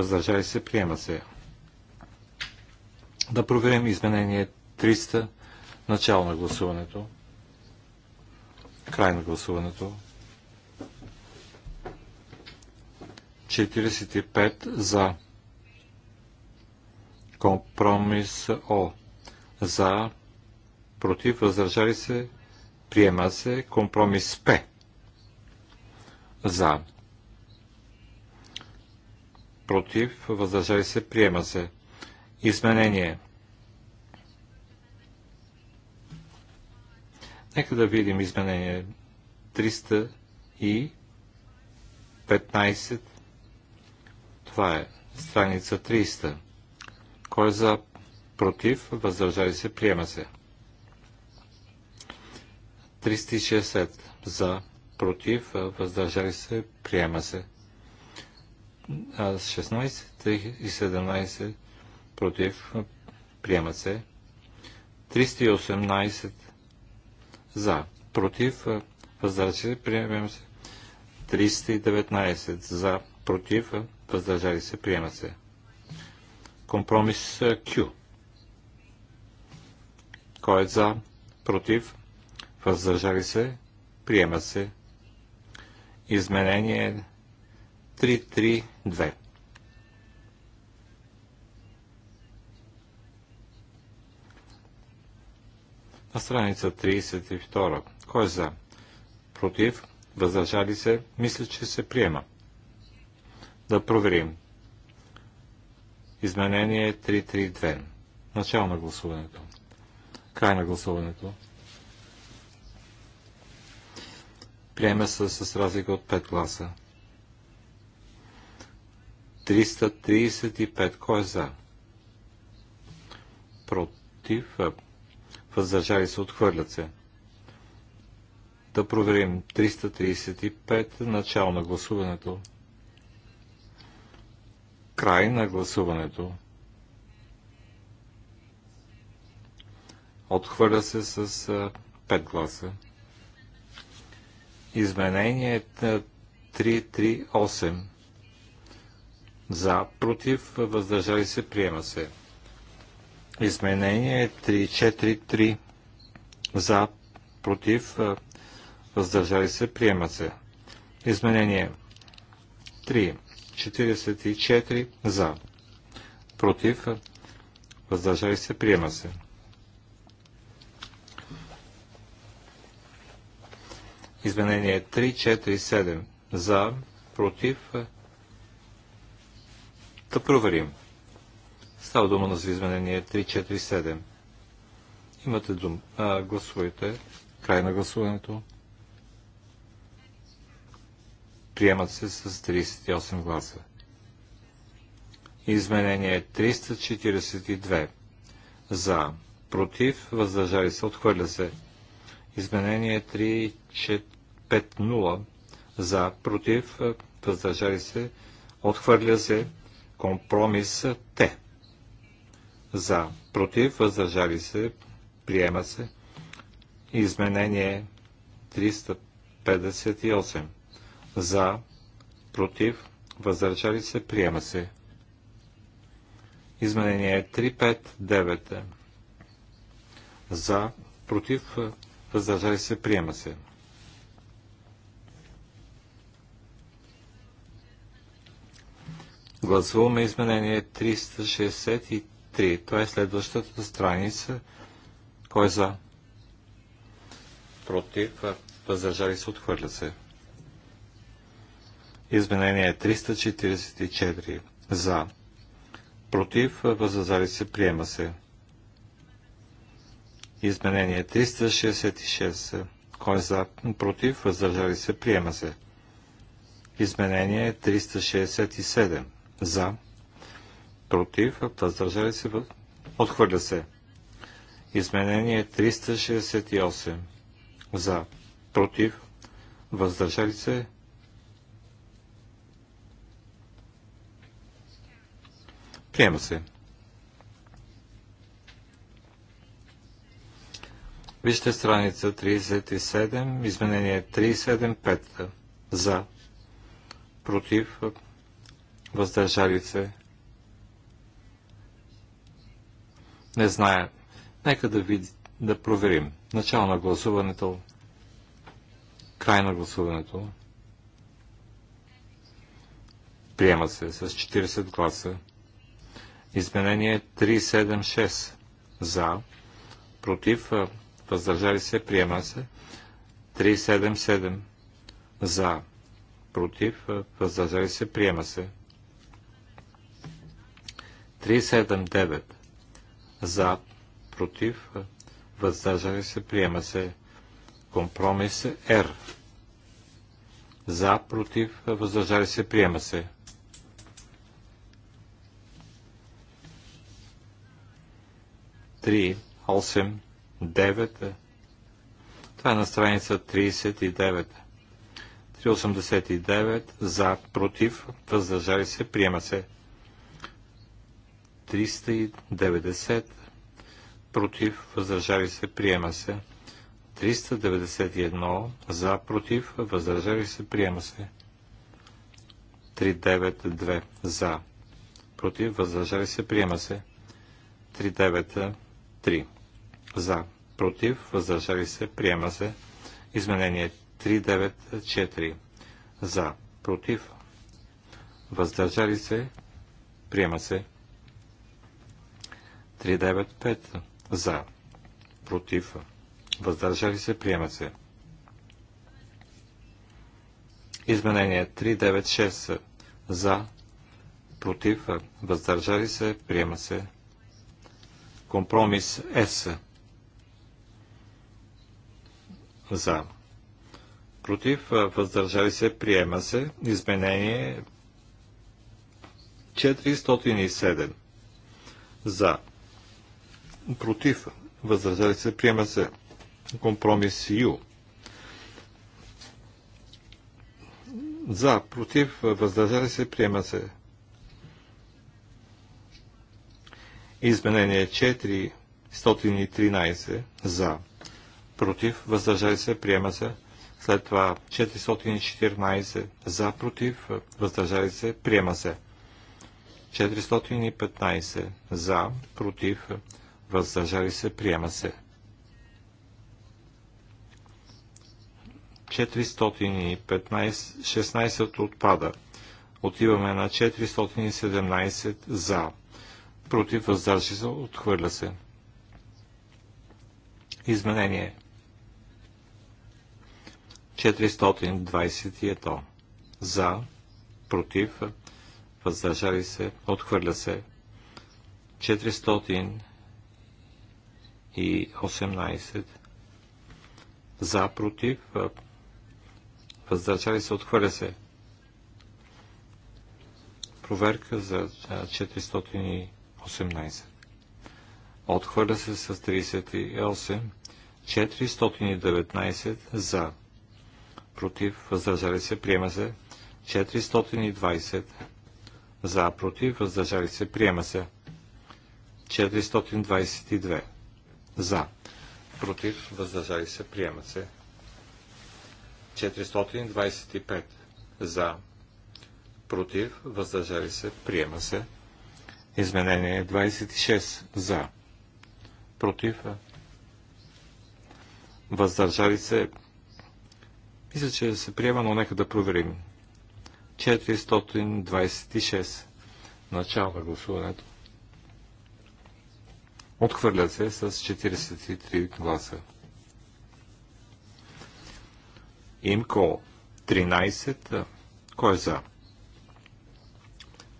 въздържали се, приема се. Да проверим изменение 300, начало на гласуването, край на гласуването. 45 за компромис О. За, против, въздържали се, приема се компромис П. За, против, въздържали се, приема се. Изменение. Нека да видим изменение 300 и 15. Това е страница 300. Кой е за против, въздържали се, приема се. 360 за против, въздържали се, приема се. 16, и 17 против. Приемат се. 318 за. Против. Въздържали се. Приемам се. 319 за. Против. Въздържали се. Приемат се. Компромис Q. Кой е за? Против. Въздържали се. Приема се. Изменение 332. На страница 32. Кой е за? Против? Въздържали се? Мисля, че се приема. Да проверим. Изменение 332. Начало на гласуването. Край на гласуването. Приема се с разлика от 5 гласа. 335. Кой е за? Против. Въздържали се. Отхвърлят се. Да проверим 335. Начало на гласуването. Край на гласуването. Отхвърля се с 5 гласа. Изменение 338. За, против, въздържали се, приема се. Изменение 343. За, против, въздържали се, приема се. Изменение 344. За, против, въздържали се, приема се. Изменение 347. За, против, въздържали се да проверим. Става дума за изменение 347. Имате дум. А, гласувайте. Край на гласуването. Приемат се с 38 гласа. Изменение 342. За. Против. Въздържали се. Отхвърля се. Изменение 350. За. Против. Въздържали се. Отхвърля се. Компромис Т. Е. За. Против. Въздържали се. Приема се. Изменение 358. За. Против. Въздържали се. Приема се. Изменение 359. За. Против. Въздържали се. Приема се. Гласуваме изменение 363. Това е следващата страница. Кой е за? Против. Въздържали се. Отхвърля се. Изменение 344. За. Против. Въздържали се. Приема се. Изменение 366. Кой е за? Против. Въздържали се. Приема се. Изменение 367 за, против, въздържали се, отхвърля се. Изменение 368 за, против, въздържали се, приема се. Вижте страница 37, изменение 375 за, против, въздържали се. Не зная. Нека да, ви, да проверим. Начало на гласуването. Край на гласуването. Приема се с 40 гласа. Изменение 376 за, против, въздържали се, приема се. 377 за, против, въздържали се, приема се. 379 за, против, въздържали се, приема се. Компромис Р. За, против, въздържали се, приема се. Три, осем, девет. Това е на страница 39. 389 за, против, въздържали се, приема се. 390 против, въздържали се, приема се. 391 за, против, въздържали се, приема се. 392 за, против, въздържали се, приема се. 393 за, против, въздържали се, приема се. Изменение 394 за, против, въздържали се, приема се. 395 за, против, въздържали се, приема се. Изменение 396 за, против, въздържали се, приема се. Компромис С за, против, въздържали се, приема се. Изменение 407 за, против, въздържали се, приема се компромис Ю. За, против, въздържали се, приема се. Изменение 413 за, против, въздържали се, приема се. След това 414 за, против, въздържали се, приема се. 415 за, против, въздържали се, приема се. 415-16 отпада. Отиваме на 417 за. Против въздържи се, отхвърля се. Изменение 421 за, против, въздържали се, отхвърля се. 400 и 18 за, против, въздържали се, отхвърля се. Проверка за 418. Отхвърля се с 38, 419 за, против, въздържали се, приема се, 420 за, против, въздържали се, приема се, 422 за, против, въздържали се, приема се. 425 за, против, въздържали се, приема се. Изменение 26 за, против, въздържали се. Мисля, че се приема, но нека да проверим. 426. Начало на гласуването. Отхвърля се с 43 гласа. Имко 13. Кой е за?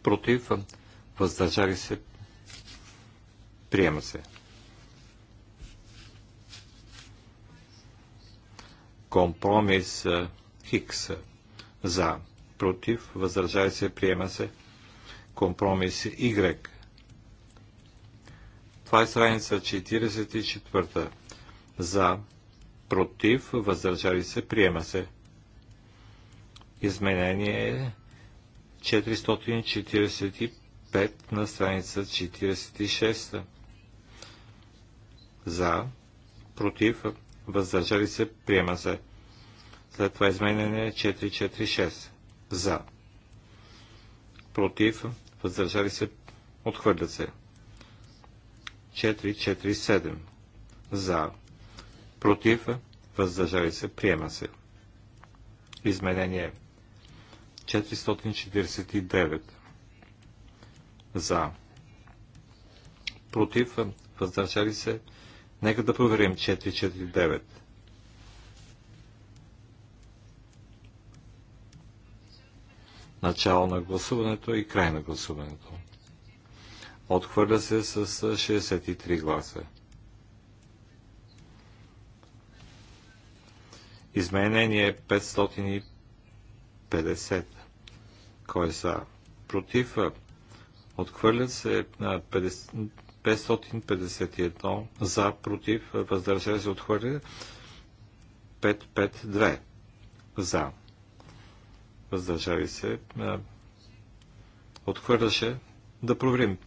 Против. Въздържали се. Приема се. Компромис е, Хикс. За. Против. Въздържали се. Приема се. Компромис Y. Това е страница 44. За, против, въздържали се, приема се. Изменение 445 на страница 46. За, против, въздържали се, приема се. След това изменение 446. За, против, въздържали се, отхвърлят се. 447 за, против, въздържали се, приема се. Изменение 449 за, против, въздържали се. Нека да проверим 449. Начало на гласуването и край на гласуването. Отхвърля се с 63 гласа. Изменение 550. Кой е за? Против. Отхвърля се на 551 за, против, Въздържа се отхвърля 552 за. Въздържали се. Отхвърляше. Да проверим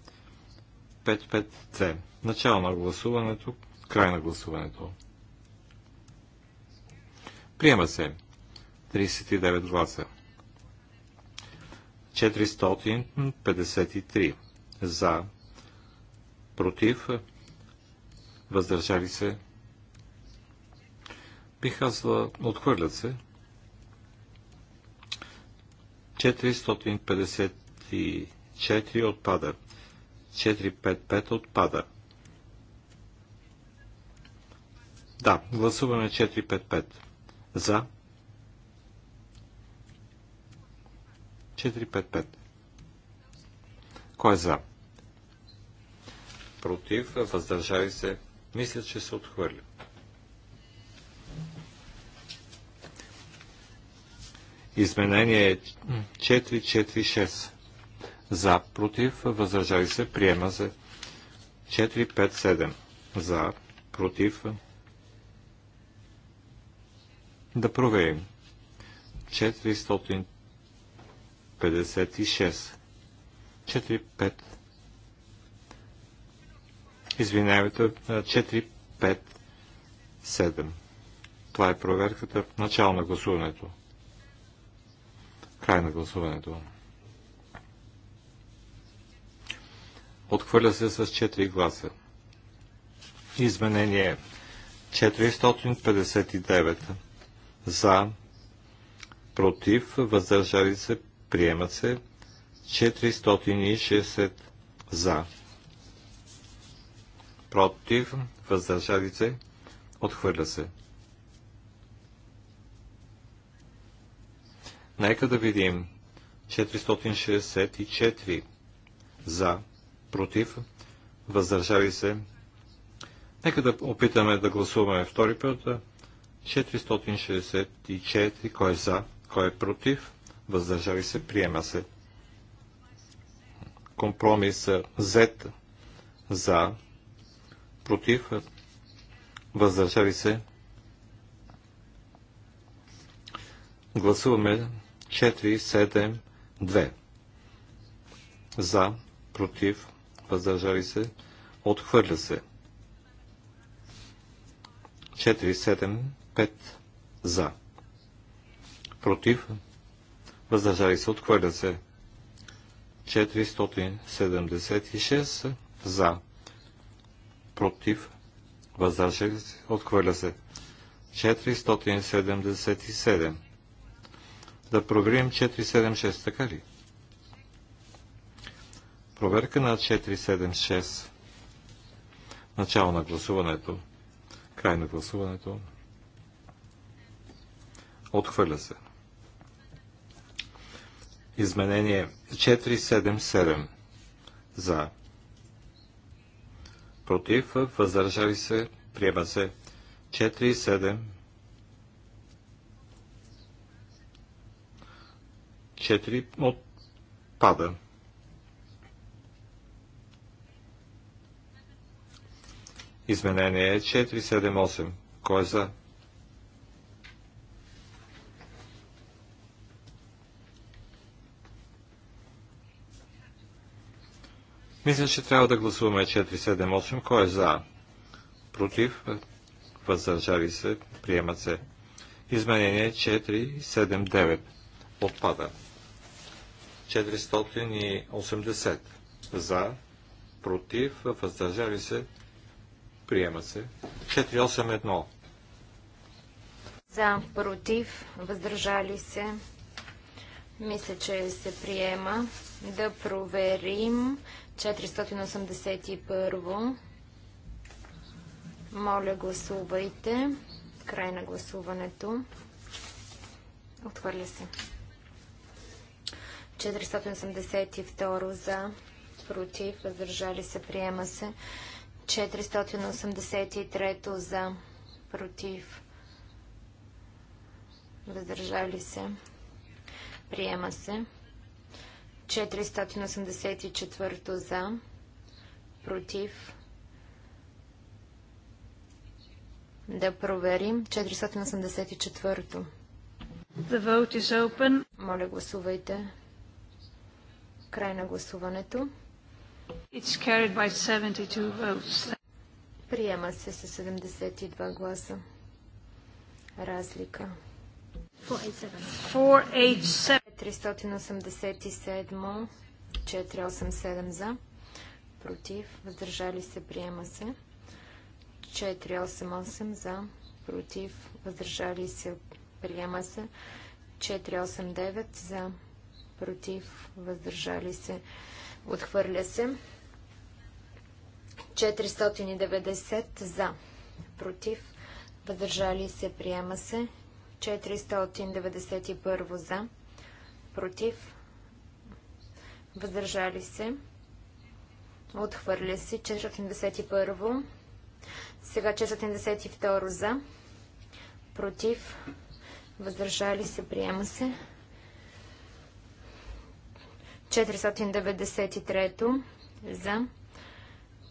55 55C. Начало на гласуването, край на гласуването. Приема се 39 гласа. 453 за, против, въздържали се. Бих казала, отхвърлят се. 454 отпада. 455 отпада. Да, гласуваме 455. За. 455. Кой е за? Против, въздържали се. Мисля, че се отхвърля. Изменение е 446 за, против, въздържали се, приема се. 7. за, против. Да проверим. 456. 45. Извинявайте, 457. Това е проверката в начало на гласуването. Край на гласуването. Отхвърля се с 4 гласа. Изменение 459 за, против, въздържали се, приема се 460 за, против, въздържали се, отхвърля се. Нека да видим 464 за, против, въздържали се. Нека да опитаме да гласуваме втори път. 464, кой е за, кой е против, въздържали се, приема се. Компромис Z е, за, против, въздържали се. Гласуваме 4, 7, 2. за, против, въздържали се, отхвърля се. 475 за. Против, въздържали се, отхвърля се. 476 за. Против, въздържали се, отхвърля се. 477. Да проверим 476, така ли? 476. Проверка на 476. Начало на гласуването. Край на гласуването. Отхвърля се. Изменение 477. За. Против. Въздържали се. Приема се. 47. 4 отпада. Изменение 478. Е Кой е за? Мисля, че трябва да гласуваме 478. Кой е за? Против? Въздържали се? Приемат се. Изменение 479. Отпада. 480. За? Против? Въздържали се? Приема се. 481. За, против, въздържали се. Мисля, че се приема. Да проверим. 481. Моля, гласувайте. Край на гласуването. Отхвърля се. 482 за, против, въздържали се, приема се. 483 за, против, въздържали се, приема се. 484 за, против, да проверим. 484. The vote is open. Моля, гласувайте. Край на гласуването. Приема се с 72 гласа. Разлика. 487. 387. 487 за. Против. Въздържали се. Приема се. 488 за. Против. Въздържали се. Приема се. 489 за. Против. Въздържали се. Отхвърля се. 490 за. Против. Въздържали се. Приема се. 491 за. Против. Въздържали се. Отхвърля се. 491. Сега 492 за. Против. Въздържали се. Приема се. 493 за,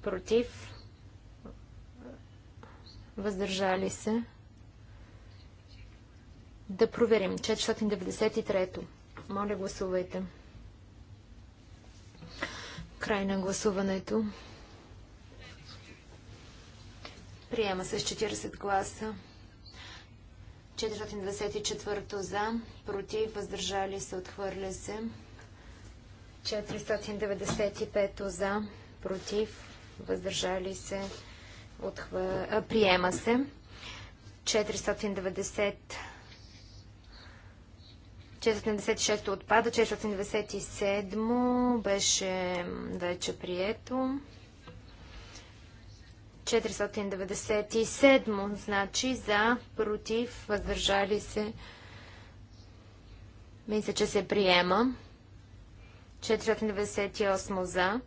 против, въздържали се. Да проверим. 493 Моля, гласувайте. Край на гласуването. Приема се с 40 гласа. 494 за, против, въздържали се, отхвърля се. 495 за, против, въздържали се, отхва... а, приема се. 490 496 отпада, 497 беше вече прието. 497 значи за, против, въздържали се. Мисля, че се приема. 498 за,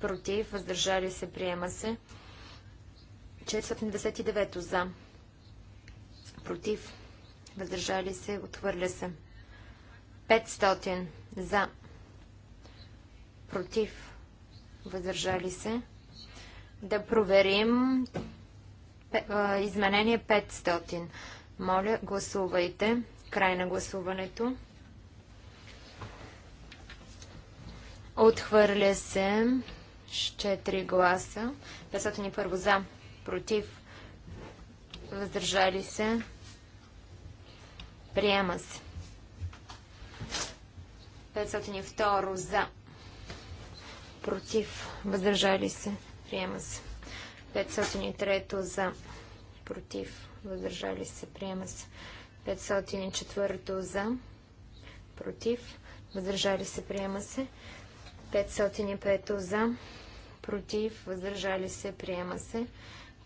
против, въздържали се, приема се. 499 за, против, въздържали се, отхвърля се. 500 за, против, въздържали се. Да проверим изменение 500. Моля, гласувайте. Край на гласуването. Отхвърля се с 4 гласа. 501 за, против, въздържали се. Приема се. 502 за, против, въздържали се. Приема се. 503 за, против, въздържали се. Приема се. 504 за, против, въздържали се. Приема се. 505 за, против, въздържали се, приема се.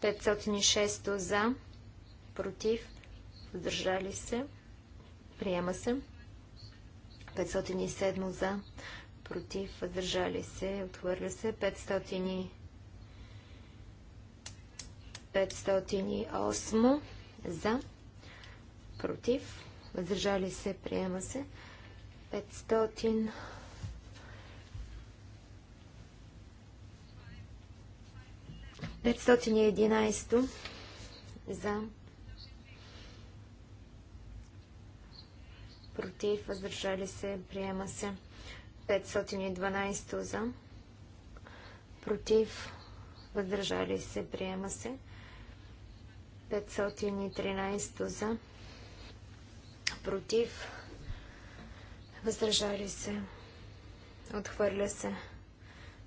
506 за, против, въздържали се, приема се. 507 за, против, въздържали се, отхвърля се. 508 за, против, въздържали се, приема се. 500 511 за против, въздържали се, приема се 512 за против, въздържали се, приема се 513 за против, въздържали се, отхвърля се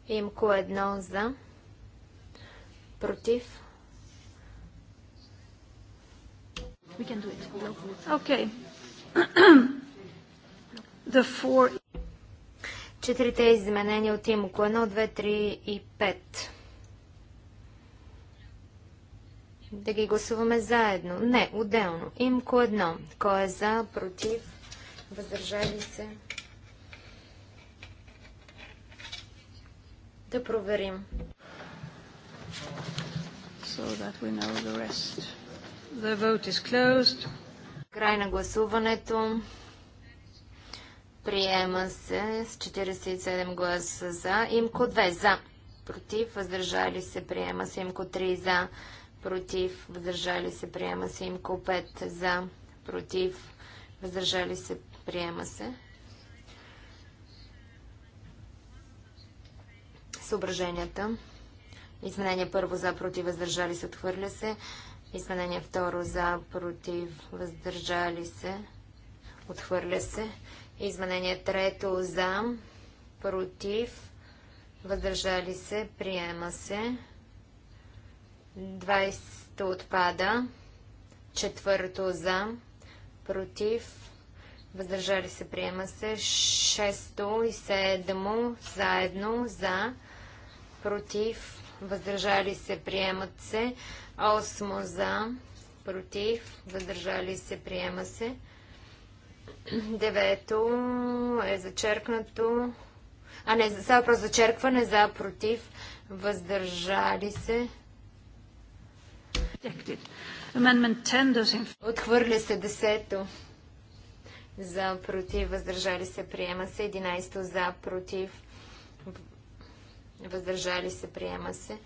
имко едно за против. We can do it. Okay. *clears throat* The four... Четирите изменения от Имко. 1, 2, 3 и 5. Да ги гласуваме заедно. Не, отделно. Имко едно. Кой е за, против, въздържали се. Да проверим. Край на гласуването. Приема се с 47 гласа за. Имко 2 за. Против. Въздържали се. Приема се. Имко 3 за. Против. Въздържали се. Приема се. Имко 5 за. Против. Въздържали се. Приема се. Съображенията. Изменение първо за против въздържали се отхвърля се. Изменение второ за против въздържали се отхвърля се. Изменение трето за против въздържали се приема се. 20 отпада. Четвърто за против въздържали се приема се. 6 и седмо заедно за против въздържали се, приемат се. 8 за, против, въздържали се, приема се. 9 е зачеркнато. А не, за въпрос зачеркване, за, против, въздържали се. Отхвърля се 10 за, против, въздържали се, приема се. 11 за, против, въздържали се, приема се.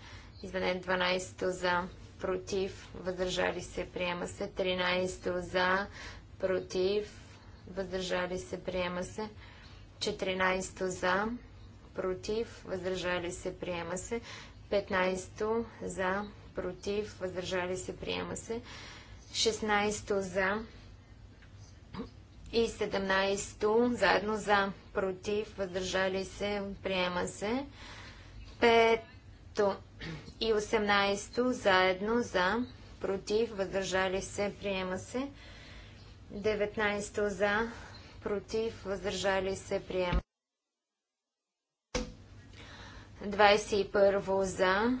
Изменение 12 за, против, въздържали се, приема се. 13 за, против, въздържали се, приема се. 14 за, против, въздържали се, приема се. 15 за, против, въздържали се, приема се. 16 за и 17 заедно за, против, въздържали се, приема се. Пето и 18 заедно за, против, въздържали се, приема се. 19 за, против, въздържали се, приема. 21 за,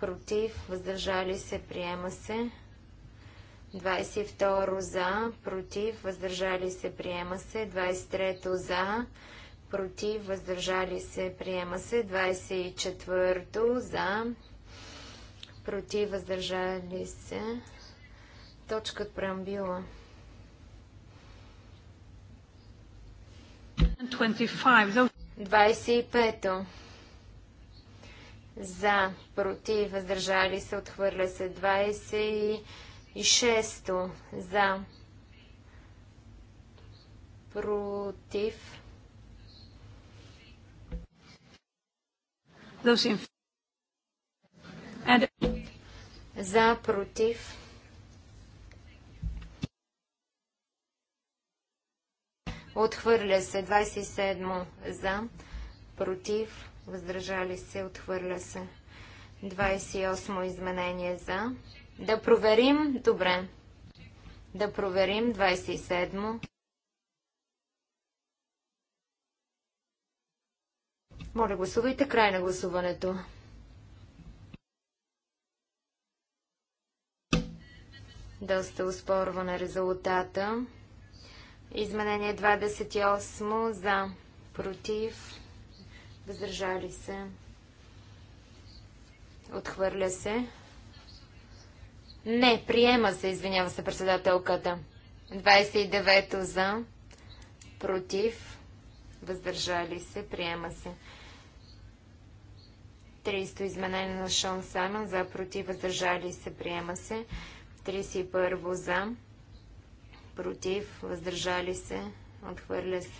против, въздържали се, приема се. 22 за, против, въздържали се, приема се. 23 за, против, въздържали се, приема се. 24-то за, против, въздържали се. Точка от преамбила. 25-то. За, против, въздържали се, отхвърля се. 26-то. За, против, Those in And... За, против. Отхвърля се. 27 за, против. Въздържали се. Отхвърля се. 28 изменение за. Да проверим. Добре. Да проверим. 27. Моля, гласувайте край на гласуването. Доста успорва на резултата. Изменение 28 за против. Въздържали се. Отхвърля се. Не, приема се, извинява се председателката. 29 за, против, въздържали се, приема се. 30 изменение на Шон Саймон за против въздържали се приема се. 31 за против въздържали се отхвърля се.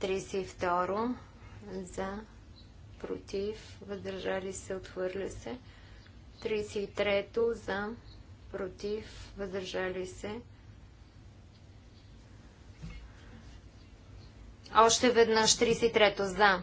32 за против въздържали се отхвърля се. 33 за против въздържали се. Още веднъж 33 за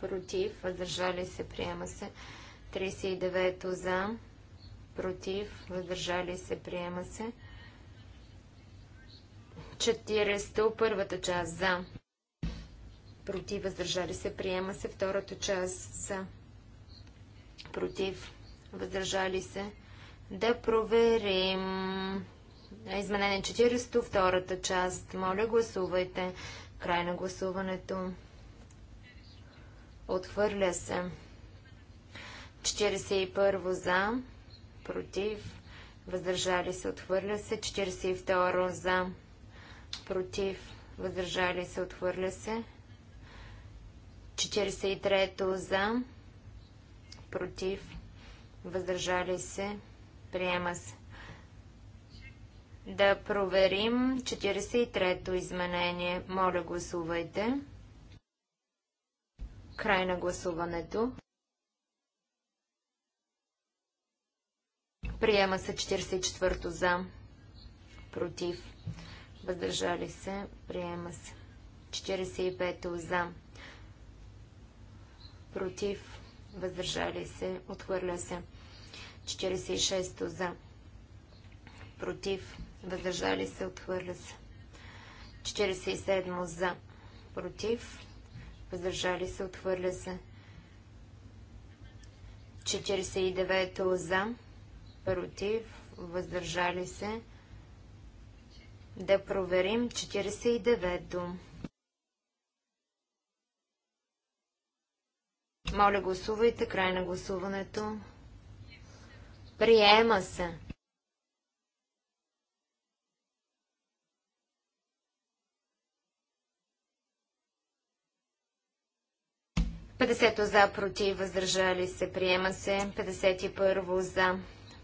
против, въздържали се, приема се. 39 за, против, въздържали се, приема се. 40 първата част за, против, въздържали се, приема се. Втората част за, против, въздържали се. Да проверим. Изменение 40, втората част. Моля, гласувайте. Край на гласуването. Отхвърля се. 41 за. Против. Въздържали се. Отхвърля се. 42 за. Против. Въздържали се. Отхвърля се. 43 за. Против. Въздържали се. Приема се. Да проверим 43-то изменение. Моля, гласувайте. Край на гласуването. Приема се 44-то за. Против. Въздържали се. Приема се. 45-то за. Против. Въздържали се. Отхвърля се. 46-то за. Против. Въздържали се. Отхвърля се. 47 за. Против въздържали се, отхвърля се. 49 за, против, въздържали се. Да проверим 49-то. Моля, гласувайте край на гласуването. Приема се. 50 за, против, въздържали се, приема се. 51 за,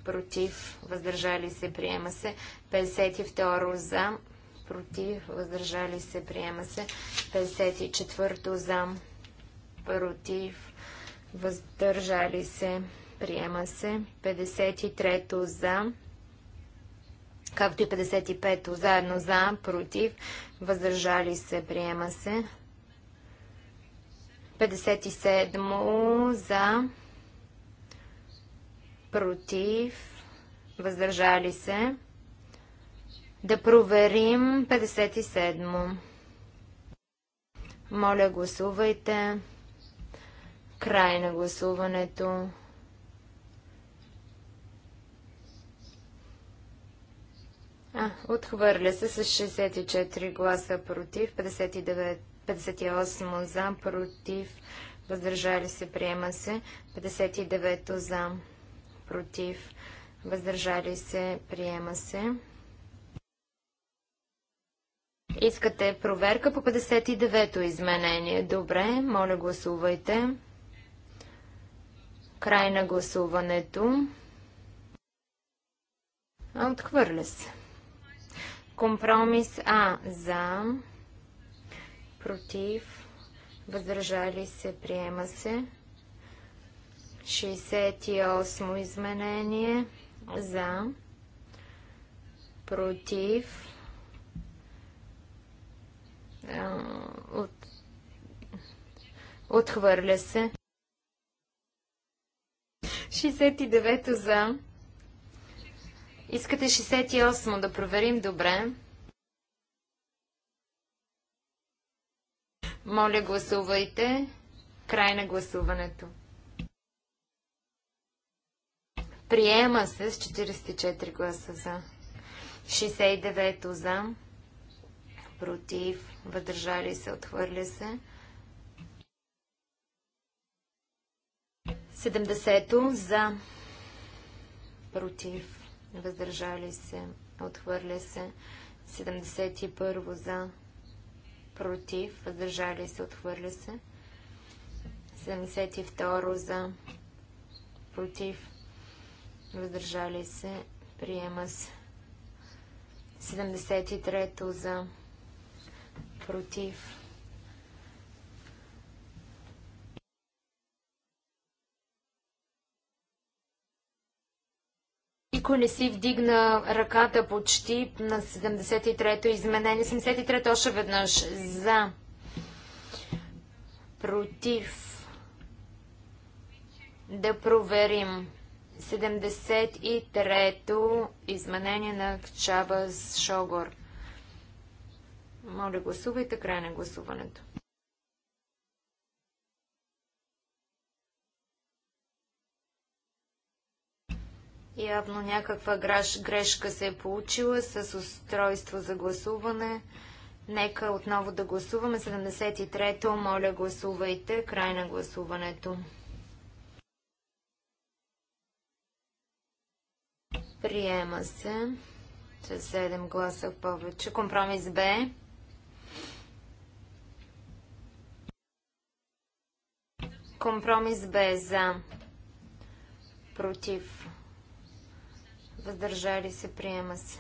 против, въздържали се, приема се. 52 за, против, въздържали се, приема се. 54 за, против, въздържали се, приема се. 53 за, както и 55 заедно за, против, въздържали се, приема се. 57 за, против, въздържали се. Да проверим 57. Моля, гласувайте. Край на гласуването. А, отхвърля се с 64 гласа против, 59 58 за, против, въздържали се, приема се. 59 за, против, въздържали се, приема се. Искате проверка по 59-то изменение. Добре, моля гласувайте. Край на гласуването. Отхвърля се. Компромис А за против, въздържали се, приема се. 68 изменение за, против, отхвърля се. 69 за. Искате 68 да проверим добре. Моля, гласувайте. Край на гласуването. Приема се с 44 гласа за. 69 за. Против. Въдържали се. Отхвърля се. 70 за. Против. Въздържали се. Отхвърля се. 71 за против, въздържали се, отхвърля се. 72 за, против, въздържали се, приема се. 73 за, против, Никой не си вдигна ръката почти на 73-то изменение. 73-то още веднъж. За. Против. Да проверим. 73-то изменение на Чаба с Шогор. Моля, гласувайте край на гласуването. Явно някаква грешка се е получила с устройство за гласуване. Нека отново да гласуваме. 73-то, моля гласувайте. Край на гласуването. Приема се с 7 гласа в повече. Компромис Б. Компромис Б за против въздържали се, приема се.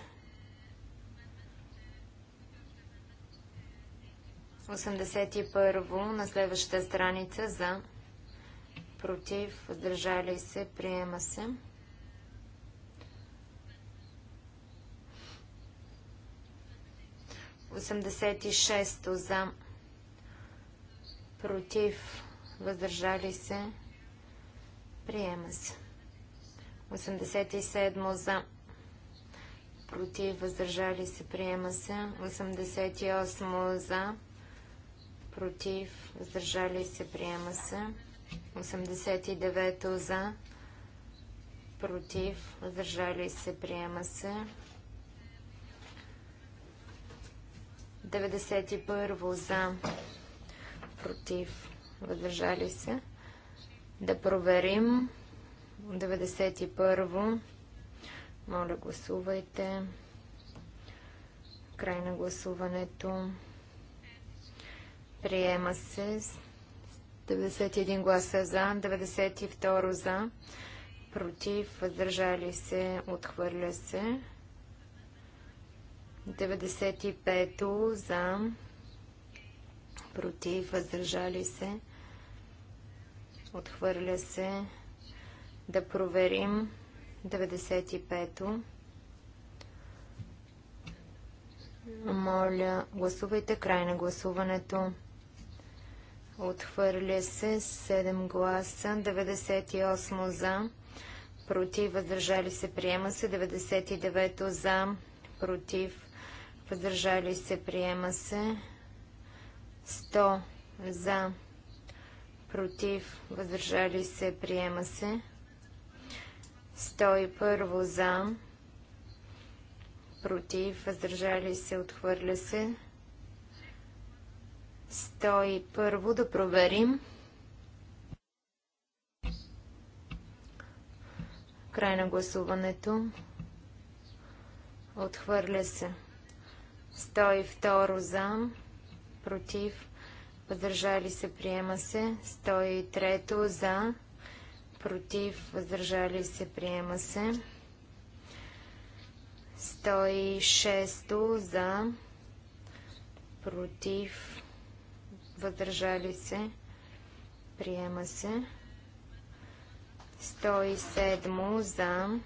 81 на следващата страница за против, въздържали се, приема се. Осемдесет и шесто за против, въздържали се, приема се. 87 за. Против, въздържали се, приема се. 88 за. Против, въздържали се, приема се. 89 за. Против, въздържали се, приема се. 91 за. Против, въздържали се. Да проверим. 91. Моля, гласувайте. Край на гласуването. Приема се 91 гласа за, 92 за, против, въздържали се, отхвърля се. 95 за, против, въздържали се, отхвърля се. Да проверим 95-то. Моля, гласувайте край на гласуването. Отхвърля се 7 гласа, 98 за, против, въздържали се, приема се, 99 за, против, въздържали се, приема се, 100 за, против, въздържали се, приема се. 101 за, против, въздържали се, отхвърля се. 101 да проверим. Край на гласуването. Отхвърля се. 102 за, против, въздържали се, приема се. 103 за, против против, въздържали се, приема се. 106 за, против, въздържали се, приема се. 107 за,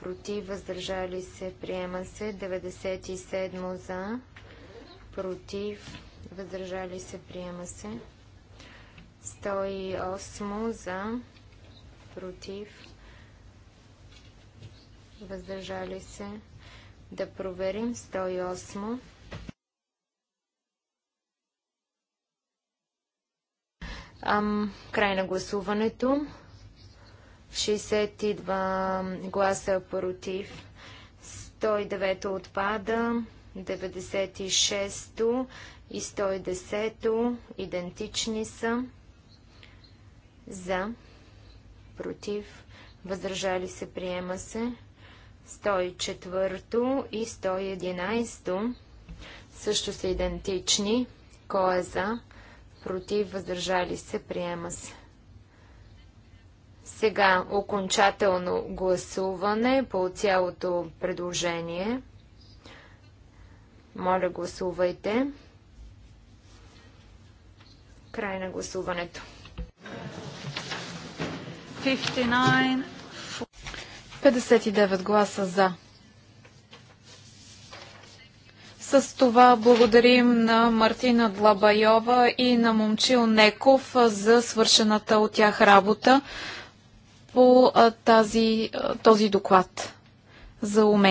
против, въздържали се, приема се. 97 за, против, въздържали се, приема се. 108 за, против, въздържали се. Да проверим 108. Ам, край на гласуването. 62 гласа против. 109 отпада. 96 и 110 идентични са за, против, въздържали се, приема се. 104 и 111 също са идентични. Кой е за, против, въздържали се, приема се. Сега окончателно гласуване по цялото предложение. Моля, гласувайте. Край на гласуването. 59, гласа за. С това благодарим на Мартина Длабайова и на Момчил Неков за свършената от тях работа по тази, този доклад за умения.